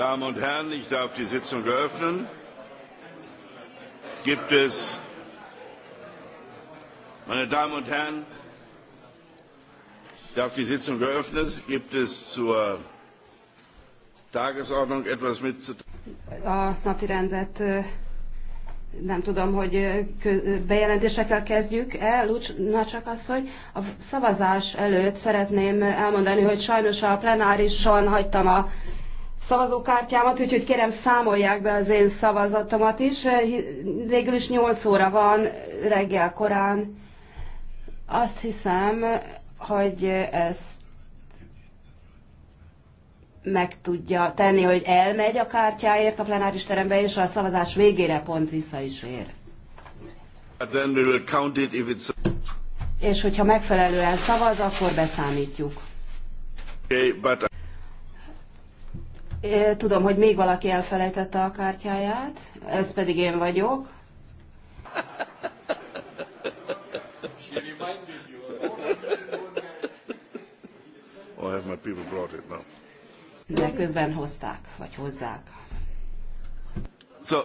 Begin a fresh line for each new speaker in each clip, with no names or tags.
Damen und Herren, ich darf die Sitzung eröffnen. Gibt es, meine Damen und Herren,
ich darf die Sitzung eröffnen. Gibt es zur Tagesordnung etwas mitzuteilen?
A napi rendet nem tudom, hogy bejelentésekkel kezdjük el, Lucs, na csak az, hogy a szavazás előtt szeretném elmondani, hogy sajnos a plenárison hagytam a szavazókártyámat, úgyhogy kérem számolják be az én szavazatomat is. Eh, végül is 8 óra van reggel korán. Azt hiszem, hogy ezt meg tudja tenni, hogy elmegy a kártyáért a plenáris terembe, és a szavazás végére pont vissza is ér. És hogyha megfelelően szavaz, akkor beszámítjuk.
Okay, but
tudom, hogy még valaki elfelejtette a kártyáját, ez pedig én vagyok.
I have my people brought it now.
De közben hozták, vagy hozzák.
So,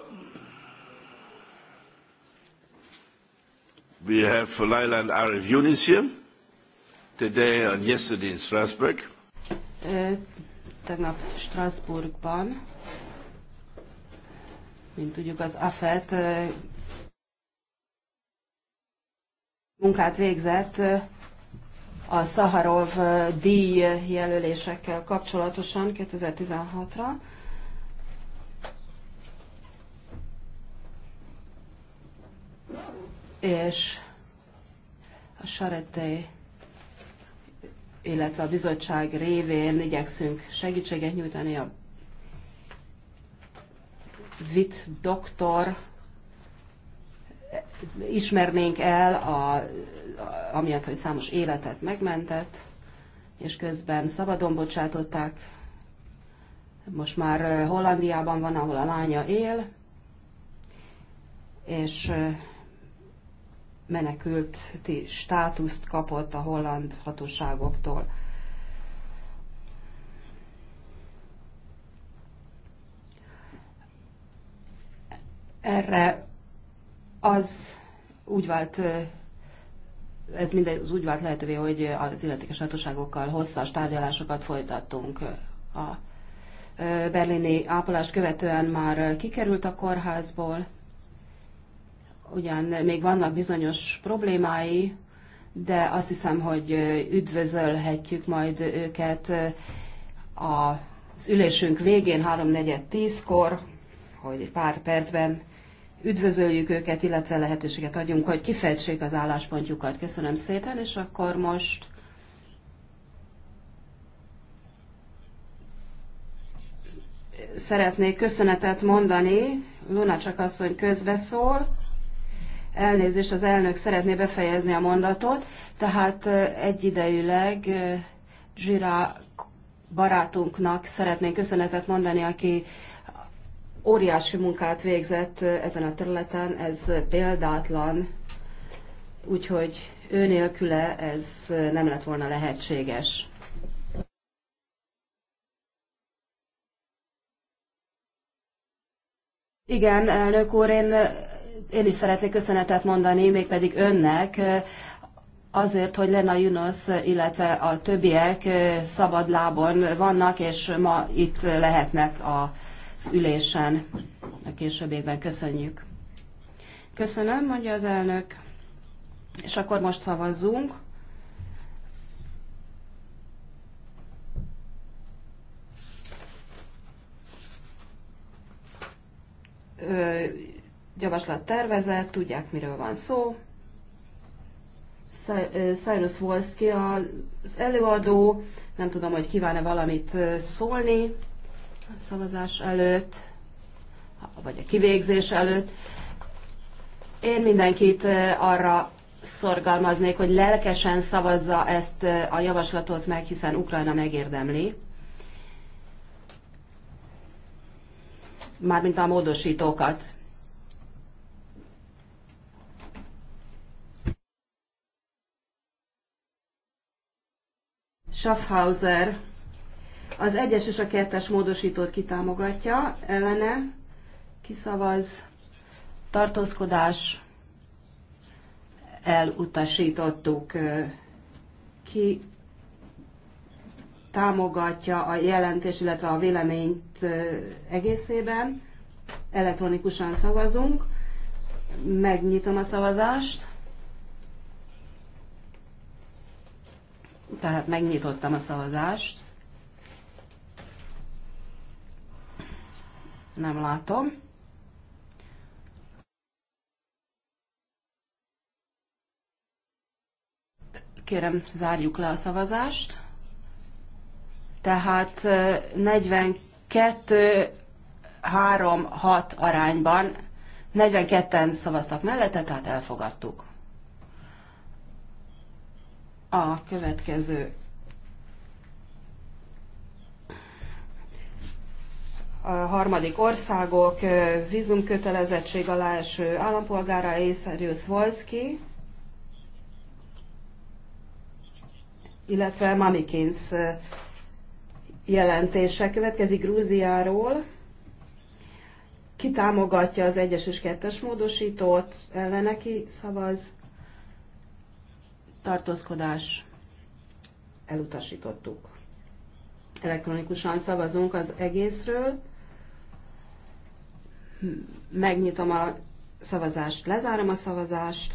We have Laila and Arif Yunis here, today and yesterday in Strasbourg
tegnap Strasbourgban. Mint tudjuk, az AFET munkát végzett a Szaharov díj jelölésekkel kapcsolatosan 2016-ra. És a Saretei illetve a bizottság révén igyekszünk segítséget nyújtani a vit doktor ismernénk el, a, a, amiatt, hogy számos életet megmentett, és közben szabadon bocsátották. Most már Hollandiában van, ahol a lánya él, és menekülti státuszt kapott a holland hatóságoktól. Erre az úgy vált ez az úgy vált lehetővé, hogy az illetékes hatóságokkal hosszas tárgyalásokat folytattunk. A berlini ápolást követően már kikerült a kórházból, ugyan még vannak bizonyos problémái, de azt hiszem, hogy üdvözölhetjük majd őket az ülésünk végén, 3-4-10-kor, hogy pár percben üdvözöljük őket, illetve lehetőséget adjunk, hogy kifejtsék az álláspontjukat. Köszönöm szépen, és akkor most szeretnék köszönetet mondani. Luna csak hogy közbeszól. Elnézést, az elnök szeretné befejezni a mondatot, tehát egyidejűleg Zsirá barátunknak szeretnék köszönetet mondani, aki óriási munkát végzett ezen a területen, ez példátlan, úgyhogy ő nélküle ez nem lett volna lehetséges. Igen, elnök úr, én én is szeretnék köszönetet mondani, mégpedig önnek, azért, hogy Lena Junos, illetve a többiek szabad lábon vannak, és ma itt lehetnek az ülésen. A későbbiekben köszönjük. Köszönöm, mondja az elnök. És akkor most szavazzunk. Ö, javaslat tervezet, tudják miről van szó. Cyrus Wolski az előadó, nem tudom, hogy kíván-e valamit szólni a szavazás előtt, vagy a kivégzés előtt. Én mindenkit arra szorgalmaznék, hogy lelkesen szavazza ezt a javaslatot meg, hiszen Ukrajna megérdemli. Mármint a módosítókat. Schaffhauser az egyes és a kettes módosítót kitámogatja, ellene kiszavaz, tartózkodás, elutasítottuk, ki támogatja a jelentés, illetve a véleményt egészében, elektronikusan szavazunk, megnyitom a szavazást, tehát megnyitottam a szavazást. Nem látom. Kérem, zárjuk le a szavazást. Tehát 42 3-6 arányban 42-en szavaztak mellette, tehát elfogadtuk a következő. A harmadik országok vízumkötelezettség alá eső állampolgára Észerius Volszki, illetve Mamikins jelentése következik Grúziáról. Ki támogatja az egyes és kettes módosítót, ellene ki szavaz, tartózkodás, elutasítottuk. Elektronikusan szavazunk az egészről. Megnyitom a szavazást, lezárom a szavazást.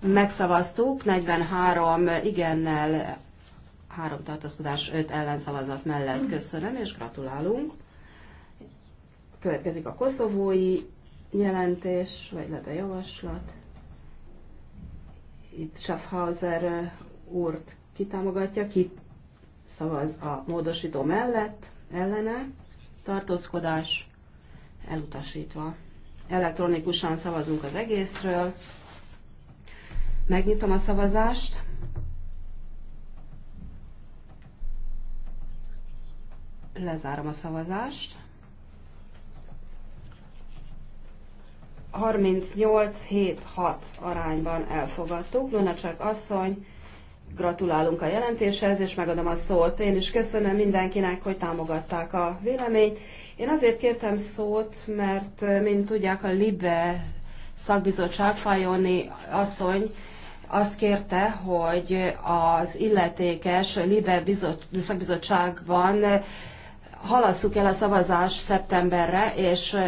Megszavaztuk, 43 igennel, 3 tartózkodás, 5 ellenszavazat mellett köszönöm, és gratulálunk. Következik a koszovói jelentés, vagy lehet a javaslat itt Schaffhauser eh, úrt kitámogatja, ki szavaz a módosító mellett, ellene, tartózkodás elutasítva. Elektronikusan szavazunk az egészről. Megnyitom a szavazást. Lezárom a szavazást. 38-7-6 arányban elfogadtuk. csak asszony, gratulálunk a jelentéshez, és megadom a szót. Én is köszönöm mindenkinek, hogy támogatták a véleményt. Én azért kértem szót, mert, mint tudják, a LIBE szakbizottság Fajoni asszony azt kérte, hogy az illetékes LIBE bizot, szakbizottságban halasszuk el a szavazást szeptemberre, és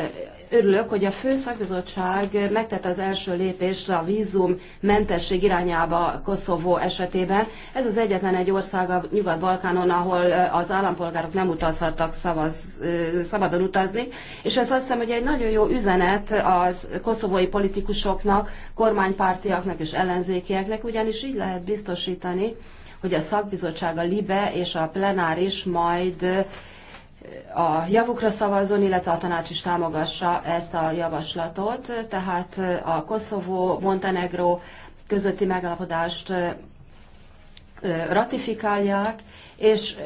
örülök, hogy a fő szakbizottság megtette az első lépést a vízum mentesség irányába Koszovó esetében. Ez az egyetlen egy ország a Nyugat-Balkánon, ahol az állampolgárok nem utazhattak szavaz, szabadon utazni, és ez azt hiszem, hogy egy nagyon jó üzenet a koszovói politikusoknak, kormánypártiaknak és ellenzékieknek, ugyanis így lehet biztosítani, hogy a szakbizottság, a LIBE és a plenáris majd a javukra szavazzon, illetve a tanács is támogassa ezt a javaslatot, tehát eh, a Koszovó-Montenegro közötti megállapodást eh, ratifikálják, és eh,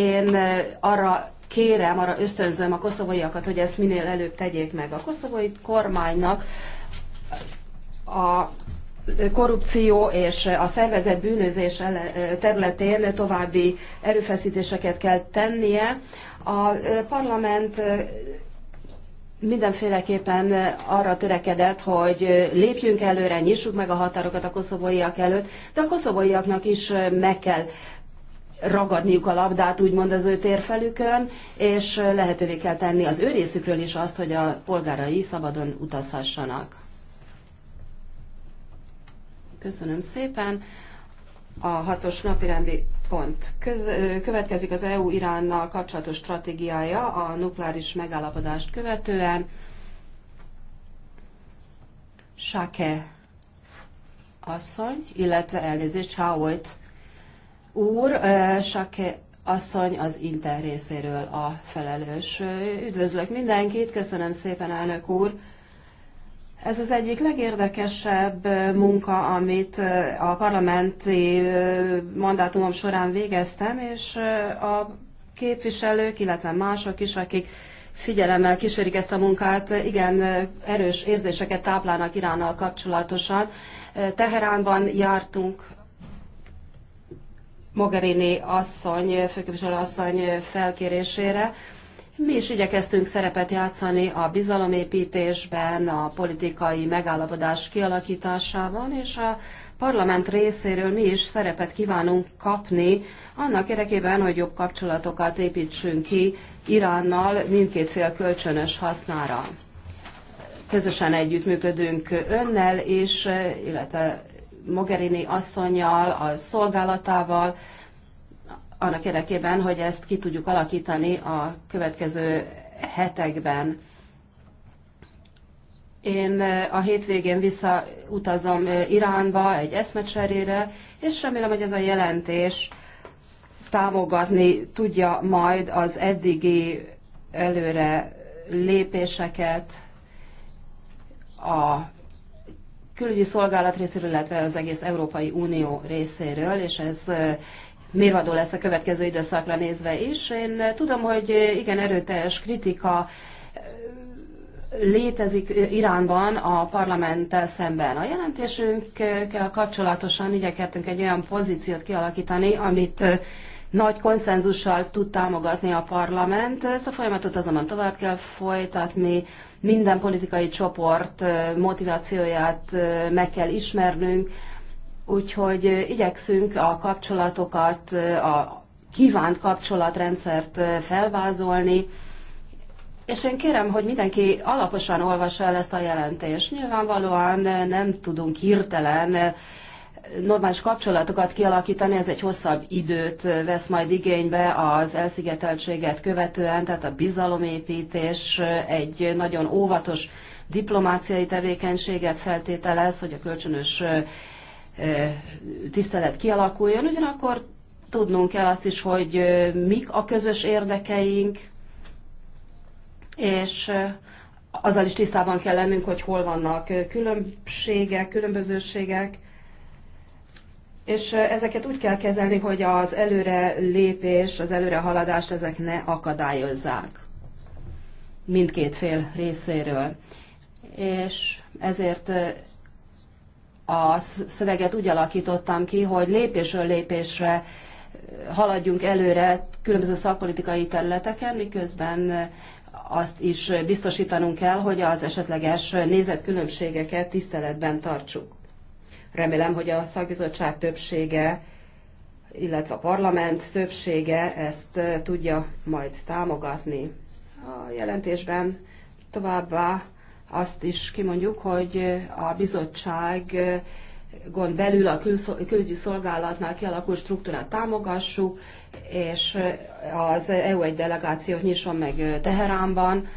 én arra kérem, arra ösztönzöm a koszovóiakat, hogy ezt minél előbb tegyék meg. A koszovói kormánynak a korrupció és a szervezet bűnözés területén további erőfeszítéseket kell tennie. A parlament mindenféleképpen arra törekedett, hogy lépjünk előre, nyissuk meg a határokat a koszovóiak előtt, de a koszovóiaknak is meg kell ragadniuk a labdát, úgymond az ő térfelükön, és lehetővé kell tenni az ő részükről is azt, hogy a polgárai szabadon utazhassanak. Köszönöm szépen. A hatos napirendi pont. Köz, következik az EU Iránnal kapcsolatos stratégiája a nukleáris megállapodást követően. Sake asszony, illetve elnézést, Sávolt úr, Sake asszony az Inter részéről a felelős. Üdvözlök mindenkit, köszönöm szépen, elnök úr! Ez az egyik legérdekesebb munka, amit a parlamenti mandátumom során végeztem, és a képviselők, illetve mások is, akik figyelemmel kísérik ezt a munkát, igen erős érzéseket táplálnak Iránnal kapcsolatosan. Teheránban jártunk Mogherini asszony, főképviselő asszony felkérésére, mi is igyekeztünk szerepet játszani a bizalomépítésben, a politikai megállapodás kialakításában, és a parlament részéről mi is szerepet kívánunk kapni annak érdekében, hogy jobb kapcsolatokat építsünk ki Iránnal mindkét fél kölcsönös hasznára. Közösen együttműködünk önnel és, illetve Mogherini asszonyjal, a szolgálatával, annak érdekében, hogy ezt ki tudjuk alakítani a következő hetekben. Én a hétvégén visszautazom Iránba egy eszmecserére, és remélem, hogy ez a jelentés támogatni tudja majd az eddigi előre lépéseket a külügyi szolgálat részéről, illetve az egész Európai Unió részéről, és ez mérvadó lesz a következő időszakra nézve is. Én tudom, hogy igen erőteljes kritika létezik Iránban a parlamenttel szemben. A jelentésünkkel kapcsolatosan igyekedtünk egy olyan pozíciót kialakítani, amit nagy konszenzussal tud támogatni a parlament. Ezt a folyamatot azonban tovább kell folytatni, minden politikai csoport motivációját meg kell ismernünk, Úgyhogy igyekszünk a kapcsolatokat, a kívánt kapcsolatrendszert felvázolni, és én kérem, hogy mindenki alaposan olvassa el ezt a jelentést. Nyilvánvalóan nem tudunk hirtelen normális kapcsolatokat kialakítani, ez egy hosszabb időt vesz majd igénybe az elszigeteltséget követően, tehát a bizalomépítés egy nagyon óvatos diplomáciai tevékenységet feltételez, hogy a kölcsönös tisztelet kialakuljon, ugyanakkor tudnunk kell azt is, hogy mik a közös érdekeink, és azzal is tisztában kell lennünk, hogy hol vannak különbségek, különbözőségek, és ezeket úgy kell kezelni, hogy az előre lépés, az előre haladást ezek ne akadályozzák mindkét fél részéről. És ezért a szöveget úgy alakítottam ki, hogy lépésről lépésre haladjunk előre különböző szakpolitikai területeken, miközben azt is biztosítanunk kell, hogy az esetleges nézetkülönbségeket tiszteletben tartsuk. Remélem, hogy a szakbizottság többsége, illetve a parlament többsége ezt tudja majd támogatni. A jelentésben továbbá azt is kimondjuk, hogy a bizottság gond belül a külügyi szolgálatnál kialakult struktúrát támogassuk, és az EU egy delegációt nyisson meg Teheránban,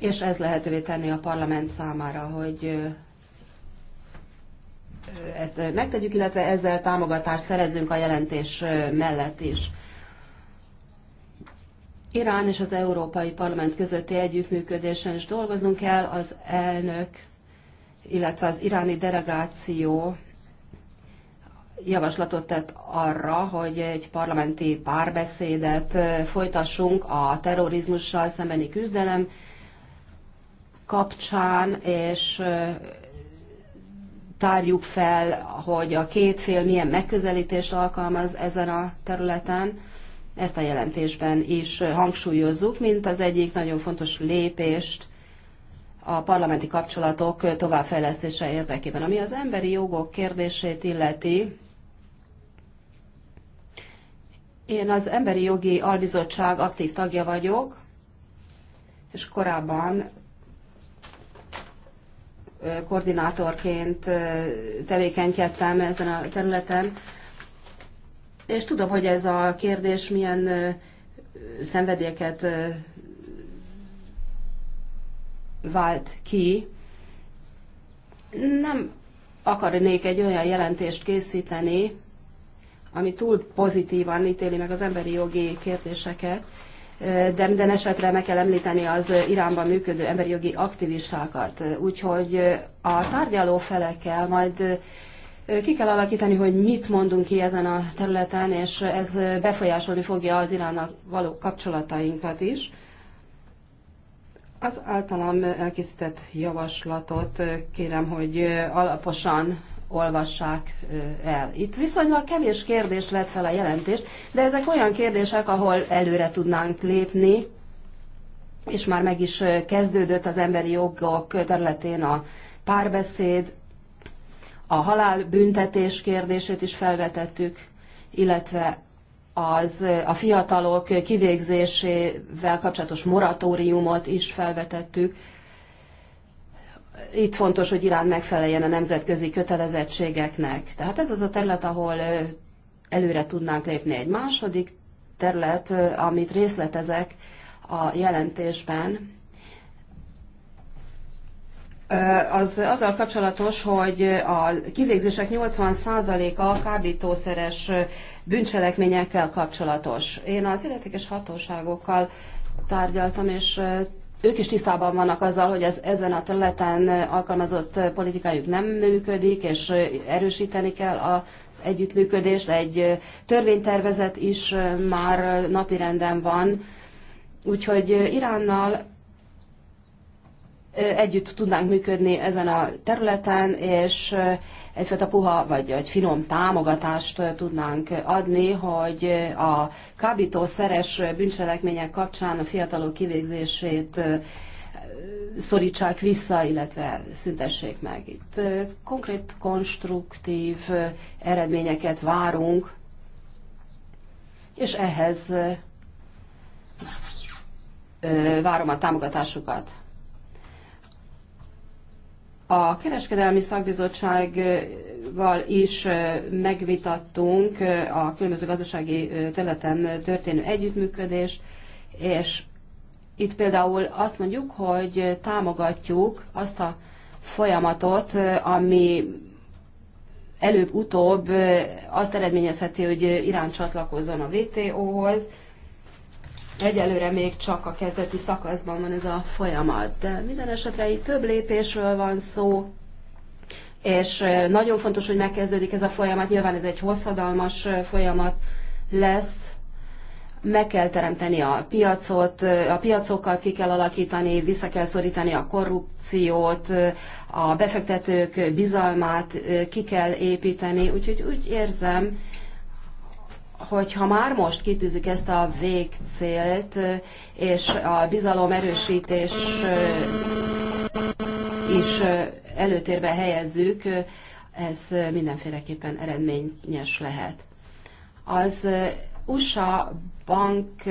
és ez lehetővé tenni a parlament számára, hogy ezt megtegyük, illetve ezzel támogatást szerezünk a jelentés mellett is. Irán és az Európai Parlament közötti együttműködésen is dolgoznunk kell, az elnök, illetve az iráni delegáció javaslatot tett arra, hogy egy parlamenti párbeszédet folytassunk a terrorizmussal szembeni küzdelem kapcsán, és tárjuk fel, hogy a két fél milyen megközelítést alkalmaz ezen a területen. Ezt a jelentésben is hangsúlyozzuk, mint az egyik nagyon fontos lépést a parlamenti kapcsolatok továbbfejlesztése érdekében. Ami az emberi jogok kérdését illeti, én az Emberi Jogi Albizottság aktív tagja vagyok, és korábban koordinátorként tevékenykedtem ezen a területen. És tudom, hogy ez a kérdés milyen szenvedélyeket vált ki. Nem akarnék egy olyan jelentést készíteni, ami túl pozitívan ítéli meg az emberi jogi kérdéseket, de minden esetre meg kell említeni az Iránban működő emberi jogi aktivistákat. Úgyhogy a tárgyaló felekkel majd ki kell alakítani, hogy mit mondunk ki ezen a területen, és ez befolyásolni fogja az Iránnak való kapcsolatainkat is. Az általam elkészített javaslatot kérem, hogy alaposan olvassák el. Itt viszonylag kevés kérdés lett fel a jelentés, de ezek olyan kérdések, ahol előre tudnánk lépni, és már meg is kezdődött az emberi jogok területén a párbeszéd, a halál büntetés kérdését is felvetettük, illetve az, a fiatalok kivégzésével kapcsolatos moratóriumot is felvetettük. Itt fontos, hogy Irán megfeleljen a nemzetközi kötelezettségeknek. Tehát ez az a terület, ahol előre tudnánk lépni. Egy második terület, amit részletezek a jelentésben, az azzal kapcsolatos, hogy a kivégzések 80%-a kábítószeres bűncselekményekkel kapcsolatos. Én az illetékes hatóságokkal tárgyaltam, és ők is tisztában vannak azzal, hogy ez, ezen a területen alkalmazott politikájuk nem működik, és erősíteni kell az együttműködést. Egy törvénytervezet is már napirenden van, úgyhogy Iránnal együtt tudnánk működni ezen a területen, és egyfajta puha vagy egy finom támogatást tudnánk adni, hogy a kábítószeres bűncselekmények kapcsán a fiatalok kivégzését szorítsák vissza, illetve szüntessék meg. Itt konkrét, konstruktív eredményeket várunk, és ehhez várom a támogatásukat. A kereskedelmi szakbizottsággal is megvitattunk a különböző gazdasági területen történő együttműködés és itt például azt mondjuk, hogy támogatjuk azt a folyamatot, ami előbb-utóbb azt eredményezheti, hogy Irán csatlakozzon a WTO-hoz, Egyelőre még csak a kezdeti szakaszban van ez a folyamat, de minden esetre itt több lépésről van szó, és nagyon fontos, hogy megkezdődik ez a folyamat, nyilván ez egy hosszadalmas folyamat lesz, meg kell teremteni a piacot, a piacokat ki kell alakítani, vissza kell szorítani a korrupciót, a befektetők bizalmát ki kell építeni, úgyhogy úgy érzem, hogyha már most kitűzzük ezt a végcélt, eh, és a bizalom erősítés eh, is eh, előtérbe helyezzük, ez mindenféleképpen eredményes lehet. Az USA bank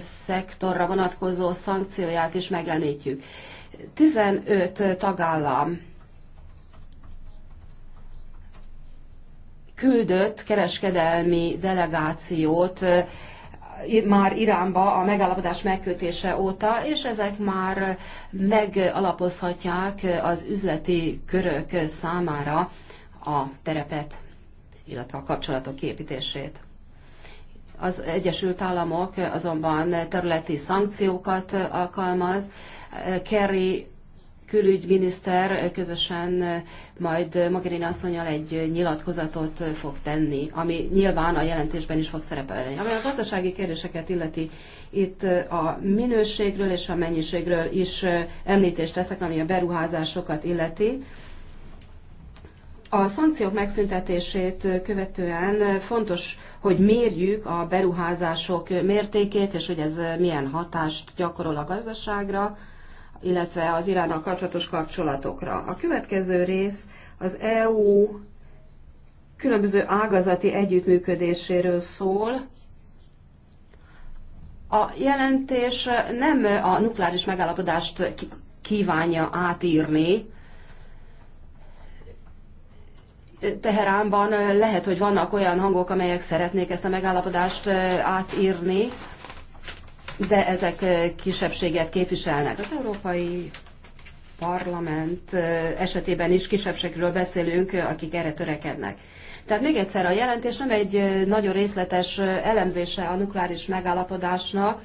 szektorra vonatkozó szankcióját is megemlítjük. 15 tagállam küldött kereskedelmi delegációt már Iránba a megállapodás megkötése óta, és ezek már megalapozhatják az üzleti körök számára a terepet, illetve a kapcsolatok építését. Az Egyesült Államok azonban területi szankciókat alkalmaz. Kerry külügyminiszter közösen majd Mogherini asszonyal egy nyilatkozatot fog tenni, ami nyilván a jelentésben is fog szerepelni. Ami a gazdasági kérdéseket illeti, itt a minőségről és a mennyiségről is említést teszek, ami a beruházásokat illeti. A szankciók megszüntetését követően fontos, hogy mérjük a beruházások mértékét, és hogy ez milyen hatást gyakorol a gazdaságra illetve az Iránnal kapcsolatos kapcsolatokra. A következő rész az EU különböző ágazati együttműködéséről szól. A jelentés nem a nukleáris megállapodást kívánja átírni, Teheránban lehet, hogy vannak olyan hangok, amelyek szeretnék ezt a megállapodást eh, átírni, de ezek kisebbséget képviselnek. Az Európai Parlament esetében is kisebbségről beszélünk, akik erre törekednek. Tehát még egyszer, a jelentés nem egy nagyon részletes elemzése a nukleáris megállapodásnak,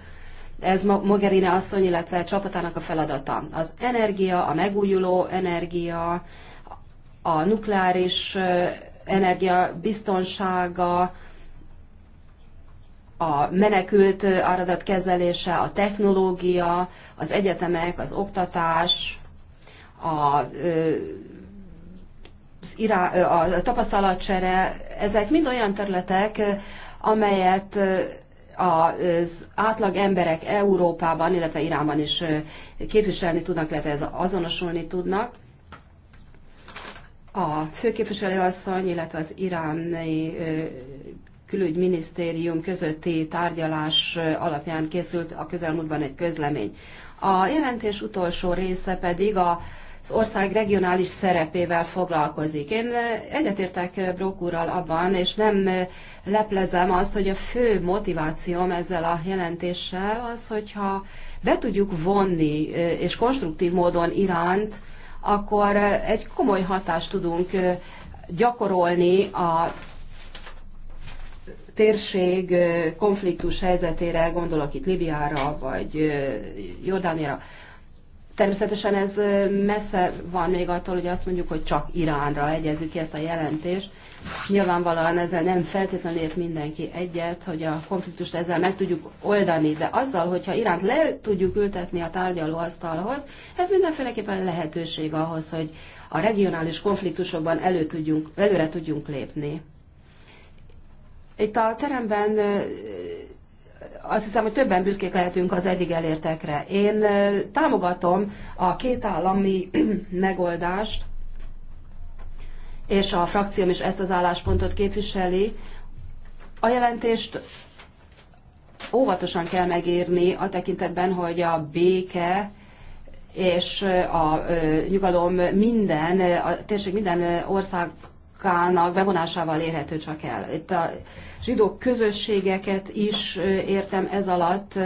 ez Mogherini asszony, illetve csapatának a feladata. Az energia, a megújuló energia, a nukleáris energia biztonsága, a menekült áradat kezelése, a technológia, az egyetemek, az oktatás, a, az irá, a tapasztalatcsere, ezek mind olyan területek, amelyet az átlag emberek Európában, illetve Iránban is képviselni tudnak, illetve azonosulni tudnak. A főképviselőasszony, illetve az iráni külügyminisztérium közötti tárgyalás alapján készült a közelmúltban egy közlemény. A jelentés utolsó része pedig a az ország regionális szerepével foglalkozik. Én egyetértek Brók abban, és nem leplezem azt, hogy a fő motivációm ezzel a jelentéssel az, hogyha be tudjuk vonni és konstruktív módon Iránt, akkor egy komoly hatást tudunk gyakorolni a térség konfliktus helyzetére, gondolok itt Libiára vagy Jordániára. Természetesen ez messze van még attól, hogy azt mondjuk, hogy csak Iránra egyezzük ki ezt a jelentést. Nyilvánvalóan ezzel nem feltétlenül ért mindenki egyet, hogy a konfliktust ezzel meg tudjuk oldani, de azzal, hogyha Iránt le tudjuk ültetni a tárgyalóasztalhoz, ez mindenféleképpen lehetőség ahhoz, hogy a regionális konfliktusokban elő tudjunk, előre tudjunk lépni. Itt a teremben azt hiszem, hogy többen büszkék lehetünk az eddig elértekre. Én támogatom a két állami megoldást, és a frakcióm is ezt az álláspontot képviseli. A jelentést óvatosan kell megírni a tekintetben, hogy a béke és a nyugalom minden, a térség minden ország munkának bevonásával érhető csak el. Itt a zsidók közösségeket is értem ez alatt,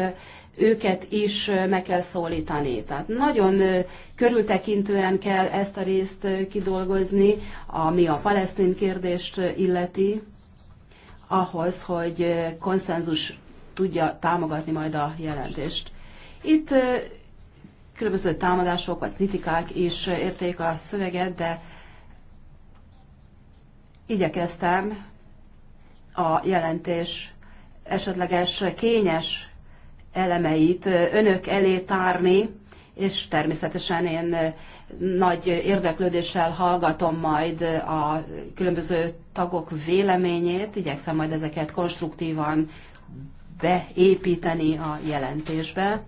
őket is meg kell szólítani. Tehát nagyon körültekintően kell ezt a részt kidolgozni, ami a palesztin kérdést illeti, ahhoz, hogy konszenzus tudja támogatni majd a jelentést. Itt különböző támadások vagy kritikák is érték a szöveget, de igyekeztem a jelentés esetleges kényes elemeit önök elé tárni, és természetesen én nagy érdeklődéssel hallgatom majd a különböző tagok véleményét, igyekszem majd ezeket konstruktívan beépíteni a jelentésbe,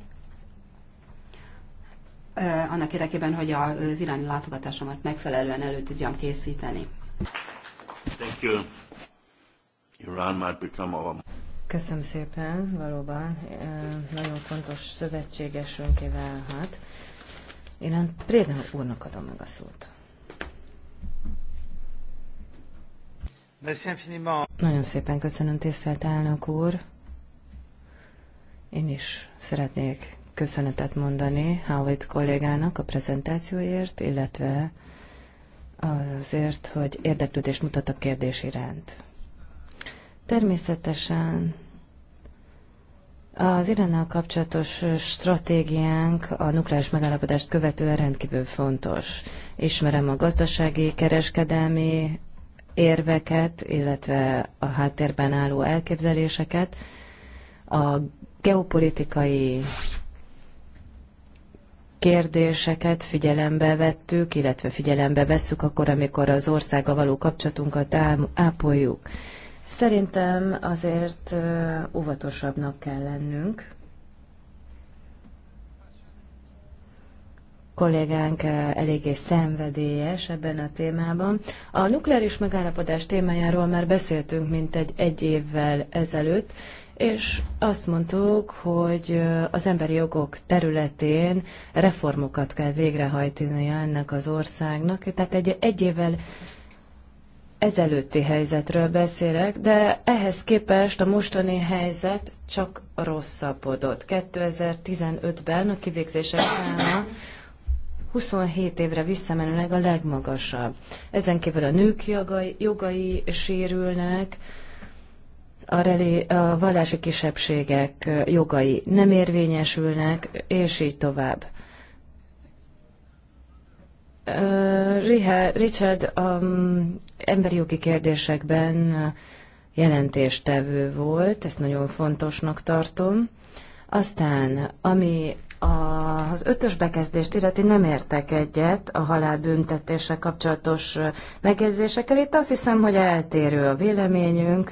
annak érdekében, hogy az iráni látogatásomat megfelelően elő tudjam készíteni. Köszönöm szépen, valóban
nagyon fontos szövetségesünké válhat. Én Préden úrnak adom meg a szót. Nagyon szépen köszönöm, tisztelt elnök úr. Én is szeretnék köszönetet mondani Howard kollégának a prezentációért, illetve azért, hogy érdeklődést mutat a kérdés iránt. Természetesen az Iránnal kapcsolatos stratégiánk a nukleáris megállapodást követően rendkívül fontos. Ismerem a gazdasági, kereskedelmi érveket, illetve a háttérben álló elképzeléseket, a geopolitikai kérdéseket figyelembe vettük, illetve figyelembe vesszük akkor, amikor az országa való kapcsolatunkat ápoljuk. Szerintem azért óvatosabbnak kell lennünk. kollégánk eléggé szenvedélyes ebben a témában. A nukleáris megállapodás témájáról már beszéltünk mint egy, egy évvel ezelőtt, és azt mondtuk, hogy az emberi jogok területén reformokat kell végrehajtania ennek az országnak. Tehát egy, egy évvel ezelőtti helyzetről beszélek, de ehhez képest a mostani helyzet csak rosszabbodott. 2015-ben a kivégzések száma 27 évre visszamenőleg a legmagasabb. Ezen kívül a nők jogai, jogai sérülnek, a, reli, a vallási kisebbségek jogai nem érvényesülnek, és így tovább. Richard um, emberi jogi kérdésekben jelentéstevő volt, ezt nagyon fontosnak tartom. Aztán, ami az ötös bekezdést illeti nem értek egyet a büntetése kapcsolatos megjegyzésekkel. Itt azt hiszem, hogy eltérő a véleményünk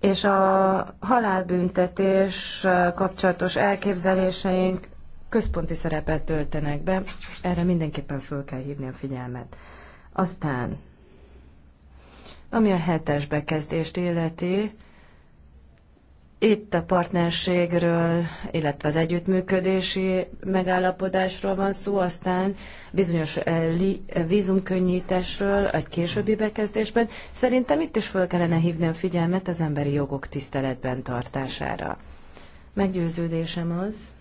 és a halálbüntetés kapcsolatos elképzeléseink központi szerepet töltenek be, erre mindenképpen föl kell hívni a figyelmet. Aztán, ami a hetes bekezdést illeti, itt a partnerségről, illetve az együttműködési megállapodásról van szó, aztán bizonyos eh, eh, vízumkönnyítésről egy későbbi bekezdésben. Szerintem itt is föl kellene hívni a figyelmet az emberi jogok tiszteletben tartására. Meggyőződésem az,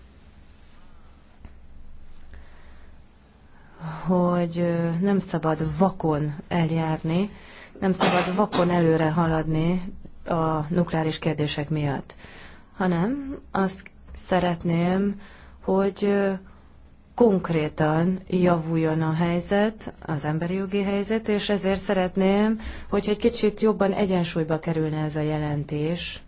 hogy eh, nem szabad vakon eljárni, nem szabad vakon előre haladni a nukleáris kérdések miatt, hanem azt szeretném, hogy konkrétan javuljon a helyzet, az emberi jogi helyzet, és ezért szeretném, hogy egy kicsit jobban egyensúlyba kerülne ez a jelentés.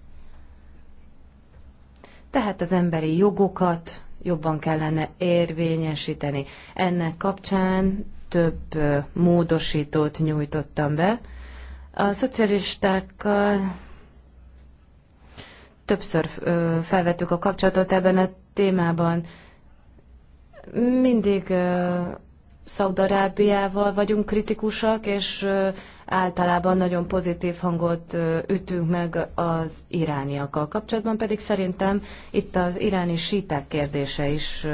Tehát az emberi jogokat jobban kellene érvényesíteni. Ennek kapcsán több módosítót nyújtottam be. A szocialistákkal többször felvettük a kapcsolatot ebben a témában. Mindig Szaudarábiával vagyunk kritikusak, és általában nagyon pozitív hangot ütünk meg az irániakkal kapcsolatban, pedig szerintem itt az iráni síták kérdése is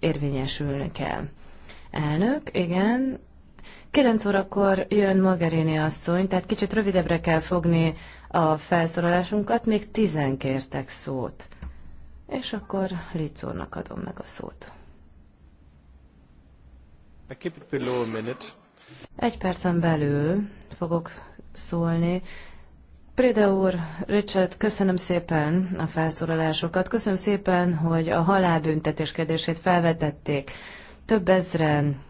érvényesülni kell. Elnök, igen. 9 órakor jön Magerini asszony, tehát kicsit rövidebbre kell fogni a felszólalásunkat, még tizen kértek szót. És akkor Licórnak adom meg a szót. Egy percen belül fogok szólni. Préda úr, Richard, köszönöm szépen a felszólalásokat. Köszönöm szépen, hogy a halálbüntetés kérdését felvetették. Több ezren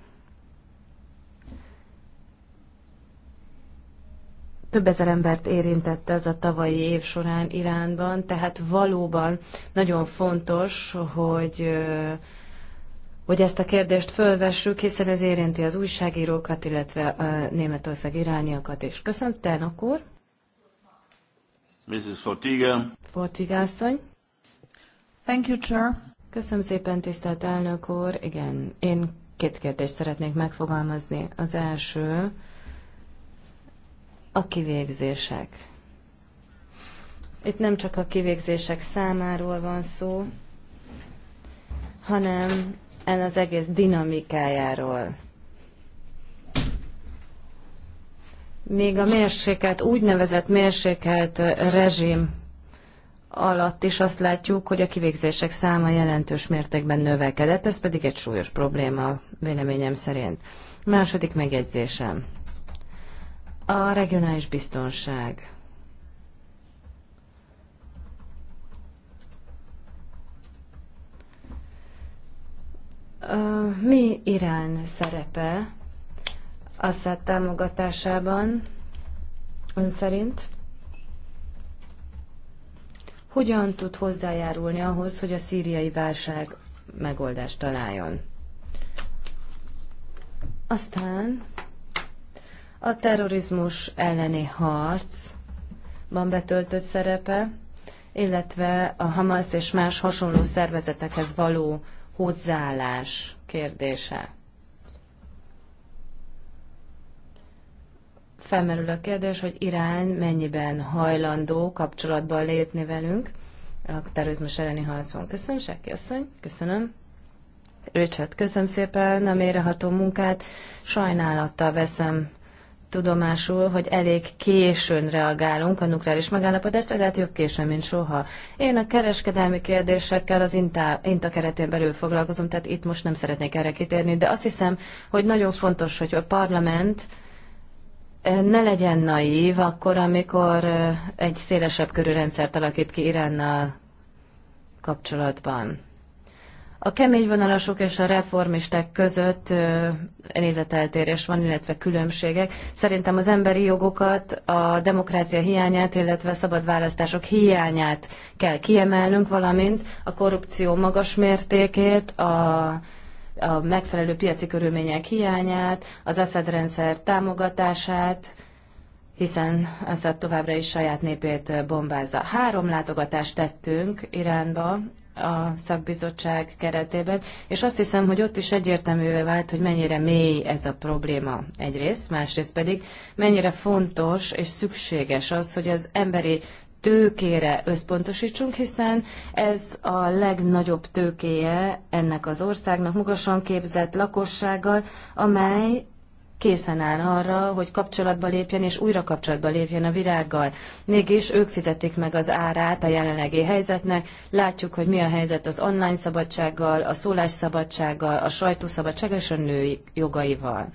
több ezer embert érintett ez a tavalyi év során Iránban, tehát valóban nagyon fontos, hogy hogy ezt a kérdést fölvessük, hiszen ez érinti az újságírókat, illetve a Németország irániakat is. Köszönöm, Ternok úr.
Mrs. Fortiga.
Fortiga asszony. Thank you, Chair. Köszönöm szépen, tisztelt elnök úr. Igen, én két kérdést szeretnék megfogalmazni. Az első, a kivégzések. Itt nem csak a kivégzések számáról van szó, hanem en az egész dinamikájáról. Még a mérsékelt, úgynevezett mérsékelt rezsim alatt is azt látjuk, hogy a kivégzések száma jelentős mértékben növekedett, ez pedig egy súlyos probléma véleményem szerint. Második megjegyzésem. A regionális biztonság. Mi Irán szerepe Assad támogatásában ön szerint? Hogyan tud hozzájárulni ahhoz, hogy a szíriai válság megoldást találjon? Aztán a terrorizmus elleni harcban betöltött szerepe, illetve a Hamas és más hasonló szervezetekhez való hozzáállás kérdése. Felmerül a kérdés, hogy Irán mennyiben hajlandó kapcsolatban lépni velünk a terrorizmus elleni harcban. Köszönöm, Seki asszony, köszönöm. Richard, köszönöm szépen a méreható munkát. Sajnálattal veszem tudomásul, hogy elég későn reagálunk a nukleáris megállapodásra, de hát jobb későn, mint soha. Én a kereskedelmi kérdésekkel az INTA, INTA keretén belül foglalkozom, tehát itt most nem szeretnék erre kitérni, de azt hiszem, hogy nagyon fontos, hogy a parlament eh, ne legyen naív akkor, amikor eh, egy szélesebb körű rendszert alakít ki Iránnal kapcsolatban. A kemény vonalasok és a reformisták között nézeteltérés van, illetve különbségek. Szerintem az emberi jogokat, a demokrácia hiányát, illetve a szabad választások hiányát kell kiemelnünk, valamint a korrupció magas mértékét, a a megfelelő piaci körülmények hiányát, az Assad rendszer támogatását, hiszen Assad továbbra is saját népét bombázza. Három látogatást tettünk Iránba a szakbizottság keretében, és azt hiszem, hogy ott is egyértelművé vált, hogy mennyire mély ez a probléma egyrészt, másrészt pedig mennyire fontos és szükséges az, hogy az emberi tőkére összpontosítsunk, hiszen ez a legnagyobb tőkéje ennek az országnak, magasan képzett lakossággal, amely készen áll arra, hogy kapcsolatba lépjen és újra kapcsolatba lépjen a világgal. Mégis ők fizetik meg az árát a jelenlegi helyzetnek. Látjuk, hogy mi a helyzet az online szabadsággal, a szólásszabadsággal, a sajtószabadsággal és a női jogaival.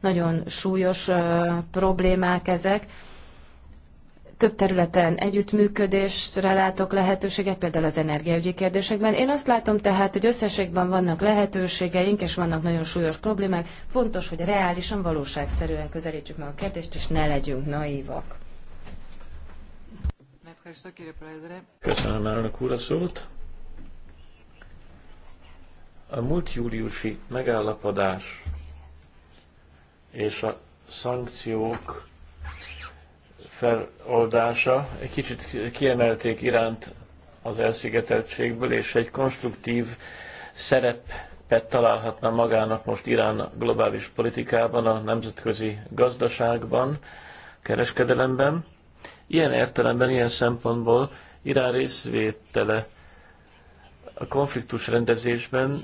Nagyon súlyos uh, problémák ezek több területen együttműködésre látok lehetőséget, például az energiaügyi kérdésekben. Én azt látom tehát, hogy összességben vannak lehetőségeink, és vannak nagyon súlyos problémák. Fontos, hogy reálisan, valóságszerűen közelítsük meg a kérdést, és ne legyünk naívak.
Köszönöm elnök úr a szót. A múlt júliusi megállapodás és a szankciók feloldása. Egy kicsit kiemelték iránt az elszigeteltségből, és egy konstruktív szerepet találhatna magának most Irán globális politikában, a nemzetközi gazdaságban, kereskedelemben. Ilyen értelemben, ilyen szempontból Irán részvétele a konfliktus rendezésben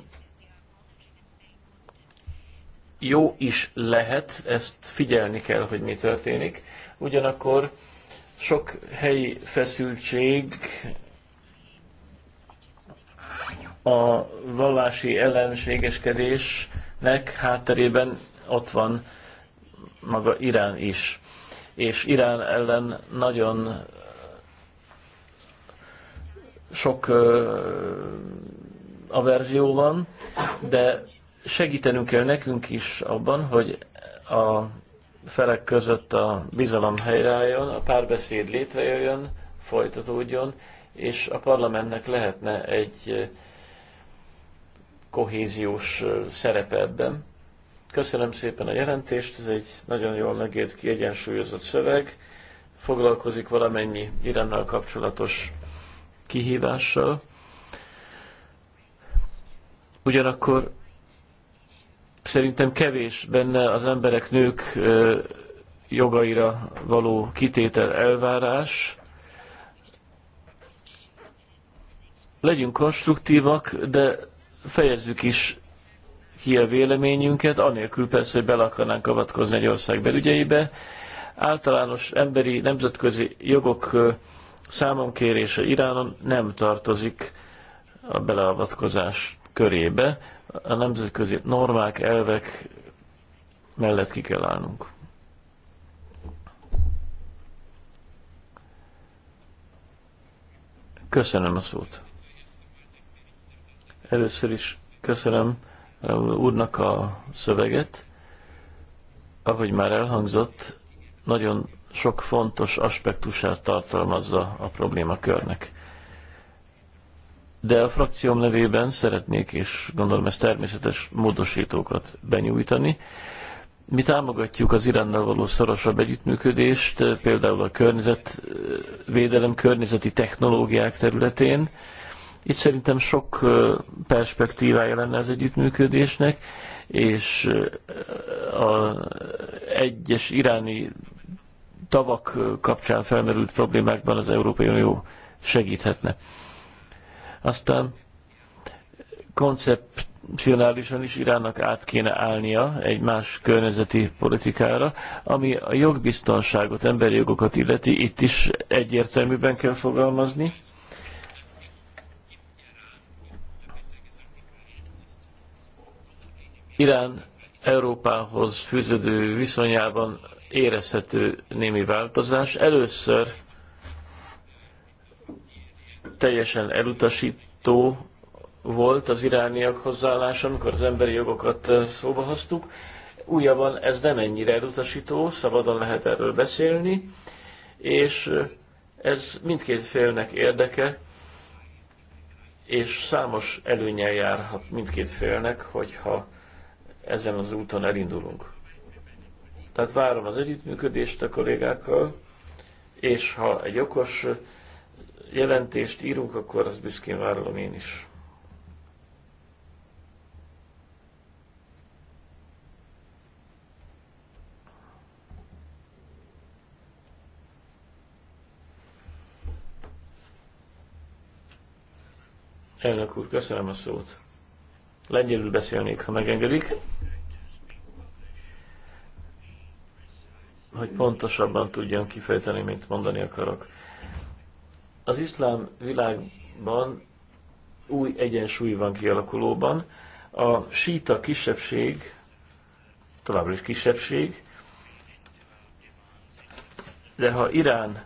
jó is lehet, ezt figyelni kell, hogy mi történik. Ugyanakkor sok helyi feszültség a vallási ellenségeskedésnek hátterében ott van maga Irán is. És Irán ellen nagyon sok a averzió van, de segítenünk kell nekünk is abban, hogy a felek között a bizalom helyreálljon, a párbeszéd létrejöjjön, folytatódjon, és a parlamentnek lehetne egy eh, kohéziós eh, szerepe ebben. Köszönöm szépen a jelentést, ez egy nagyon jól megért kiegyensúlyozott szöveg, foglalkozik valamennyi irannal kapcsolatos kihívással. Ugyanakkor Szerintem kevés benne az emberek, nők jogaira való kitétel elvárás. Legyünk konstruktívak, de fejezzük is ki a véleményünket, anélkül persze, hogy bele akarnánk avatkozni egy ország belügyeibe. Általános emberi nemzetközi jogok számonkérése Iránon nem tartozik a beleavatkozás körébe. A nemzetközi normák, elvek mellett ki kell állnunk. Köszönöm a szót. Először is köszönöm úrnak a szöveget. Ahogy már elhangzott, nagyon sok fontos aspektusát tartalmazza a problémakörnek de a frakcióm nevében szeretnék, és gondolom ez természetes módosítókat benyújtani. Mi támogatjuk az Iránnal való szorosabb együttműködést, például a környezetvédelem, környezeti technológiák területén. Itt szerintem sok perspektívája lenne az együttműködésnek, és a egyes iráni tavak kapcsán felmerült problémákban az Európai Unió segíthetne. Aztán koncepcionálisan is Iránnak át kéne állnia egy más környezeti politikára, ami a jogbiztonságot, emberi jogokat illeti, itt is egyértelműben kell fogalmazni. Irán Európához fűződő viszonyában érezhető némi változás. Először teljesen elutasító volt az irániak hozzáállása, amikor az emberi jogokat szóba hoztuk. Újabban ez nem ennyire elutasító, szabadon lehet erről beszélni, és ez mindkét félnek érdeke, és számos előnyel járhat mindkét félnek, hogyha ezen az úton elindulunk. Tehát várom az együttműködést a kollégákkal, és ha egy okos jelentést írunk, akkor azt büszkén vállalom én is. Elnök úr, köszönöm a szót. Lengyelül beszélnék, ha megengedik. Hogy pontosabban tudjam kifejteni, mint mondani akarok. Az iszlám világban új egyensúly van kialakulóban. A síta kisebbség, továbbra is kisebbség, de ha Irán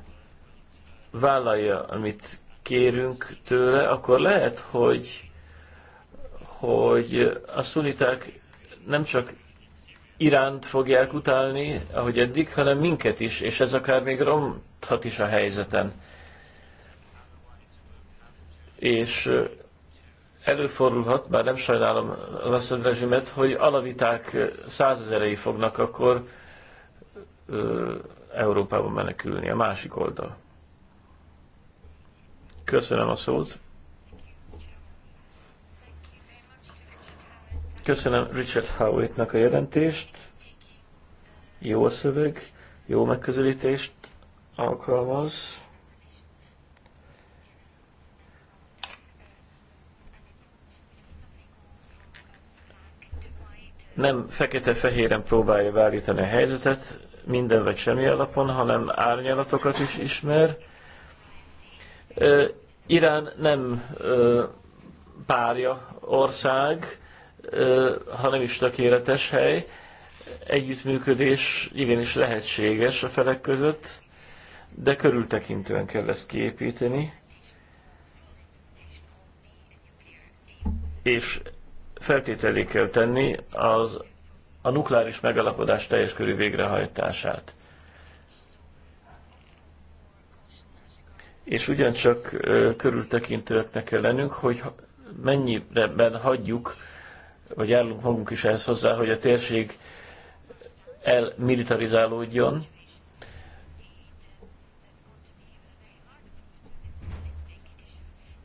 vállalja, amit kérünk tőle, akkor lehet, hogy, hogy a szuniták nem csak Iránt fogják utálni, ahogy eddig, hanem minket is, és ez akár még romthat is a helyzeten és előfordulhat, bár nem sajnálom az Assad rezsimet, hogy alaviták százezerei fognak akkor Európába menekülni, a másik oldal. Köszönöm a szót. Köszönöm Richard Howittnak a jelentést. Jó a szöveg, jó megközelítést alkalmaz. nem fekete-fehéren próbálja beállítani a helyzetet, minden vagy semmi alapon, hanem árnyalatokat is ismer. Irán nem párja ország, hanem is tökéletes hely. Együttműködés igenis lehetséges a felek között, de körültekintően kell ezt kiépíteni. És feltételé kell tenni az, a nukleáris megalapodás teljes körű végrehajtását. És ugyancsak körültekintőeknek kell lennünk, hogy mennyiben hagyjuk, vagy járulunk magunk is ehhez hozzá, hogy a térség elmilitarizálódjon,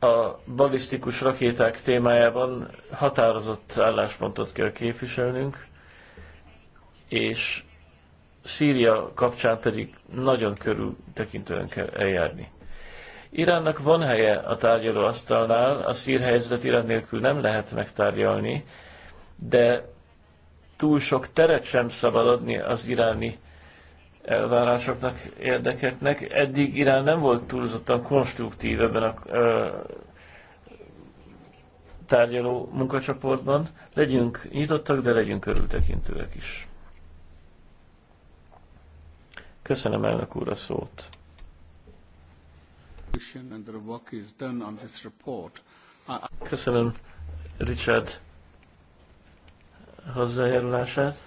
a balisztikus rakéták témájában határozott álláspontot kell képviselnünk, és Szíria kapcsán pedig nagyon tekintően kell eljárni. Iránnak van helye a tárgyaló asztalnál, a szír helyzet Irán nélkül nem lehet megtárgyalni, de túl sok teret sem szabad adni az iráni elvárásoknak, érdekeknek. Eddig Irán nem volt túlzottan konstruktív ebben a ö, tárgyaló munkacsoportban. Legyünk nyitottak, de legyünk körültekintőek is. Köszönöm elnök úr a szót. Köszönöm Richard hozzájárulását.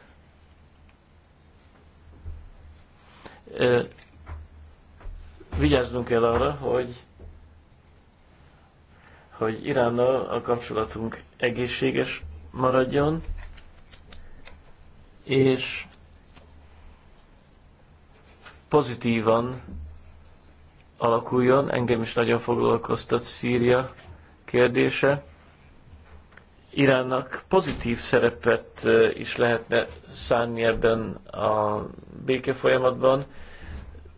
Vigyáznunk kell arra, hogy, hogy Iránnal a kapcsolatunk egészséges maradjon, és pozitívan alakuljon. Engem is nagyon foglalkoztat Szíria kérdése. Iránnak pozitív szerepet is lehetne szánni ebben a béke folyamatban,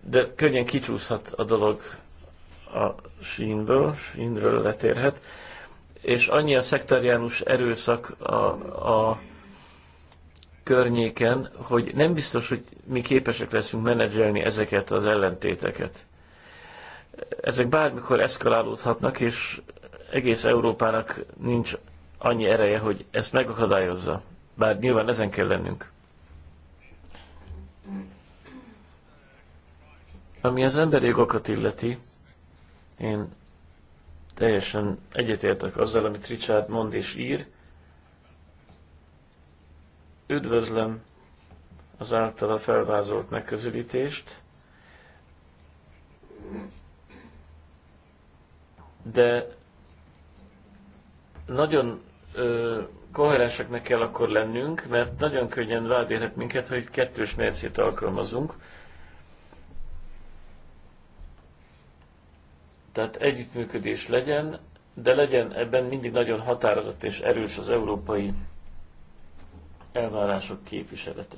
de könnyen kicsúszhat a dolog a sínből, sínről letérhet, és annyi a szektáriánus erőszak a, a környéken, hogy nem biztos, hogy mi képesek leszünk menedzselni ezeket az ellentéteket. Ezek bármikor eszkalálódhatnak, és egész Európának nincs annyi ereje, hogy ezt megakadályozza. Bár nyilván ezen kell lennünk. Ami az emberi jogokat illeti, én teljesen egyetértek azzal, amit Richard mond és ír. Üdvözlöm az általa felvázolt megközelítést, de nagyon koherenseknek kell akkor lennünk, mert nagyon könnyen vádérhet minket, hogy kettős mércét alkalmazunk. Tehát együttműködés legyen, de legyen ebben mindig nagyon határozott és erős az európai elvárások képviselete.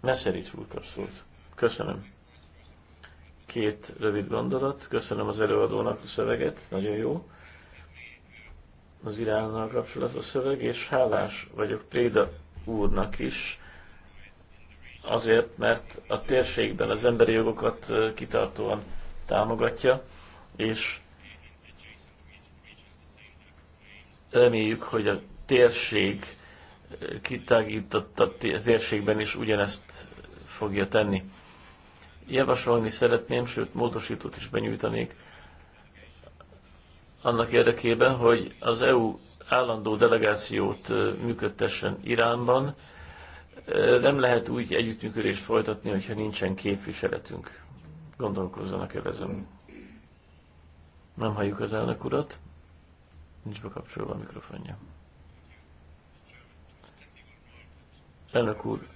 Meszerics úr kap szót. Köszönöm. Két rövid gondolat. Köszönöm az előadónak a szöveget, nagyon jó az Iránnal kapcsolatos szöveg, és hálás vagyok Préda úrnak is, azért, mert a térségben az emberi jogokat kitartóan támogatja, és reméljük, hogy a térség kitágított a térségben is ugyanezt fogja tenni. Javasolni szeretném, sőt módosítót is benyújtanék annak érdekében, hogy az EU állandó delegációt működtessen Iránban. Nem lehet úgy együttműködést folytatni, hogyha nincsen képviseletünk. Gondolkozzanak evezem. Nem halljuk az elnök urat. Nincs bekapcsolva a mikrofonja. Elnök úr,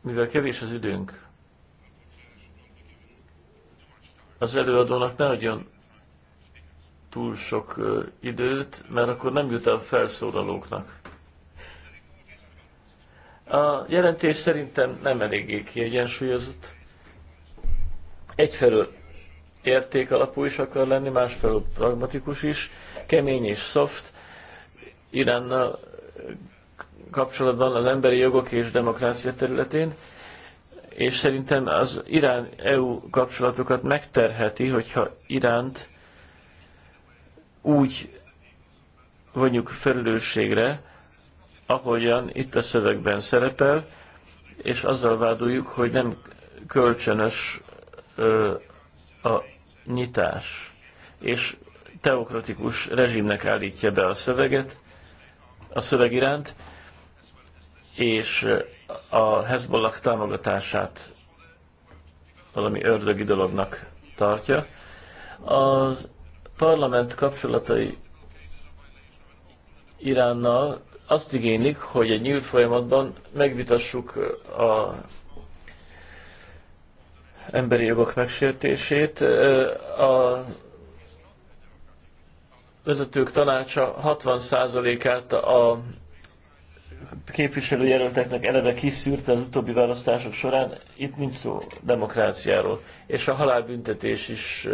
mivel kevés az időnk, az előadónak ne adjon túl sok időt, mert akkor nem jut a felszólalóknak. A jelentés szerintem nem eléggé kiegyensúlyozott. Egyfelől érték alapú is akar lenni, másfelől pragmatikus is, kemény és soft. Iránnal kapcsolatban az emberi jogok és demokrácia területén, és szerintem az Irán-EU kapcsolatokat megterheti, hogyha Iránt úgy vonjuk felelősségre, ahogyan itt a szövegben szerepel, és azzal vádoljuk, hogy nem kölcsönös ö, a nyitás, és teokratikus rezsimnek állítja be a szöveget, a szöveg iránt, és a Hezbollah támogatását valami ördögi dolognak tartja. Az parlament kapcsolatai Iránnal azt igénylik, hogy egy nyílt folyamatban megvitassuk a emberi jogok megsértését. A vezetők tanácsa 60%-át a képviselőjelölteknek eleve kiszűrte az utóbbi választások során. Itt nincs szó demokráciáról. És a halálbüntetés is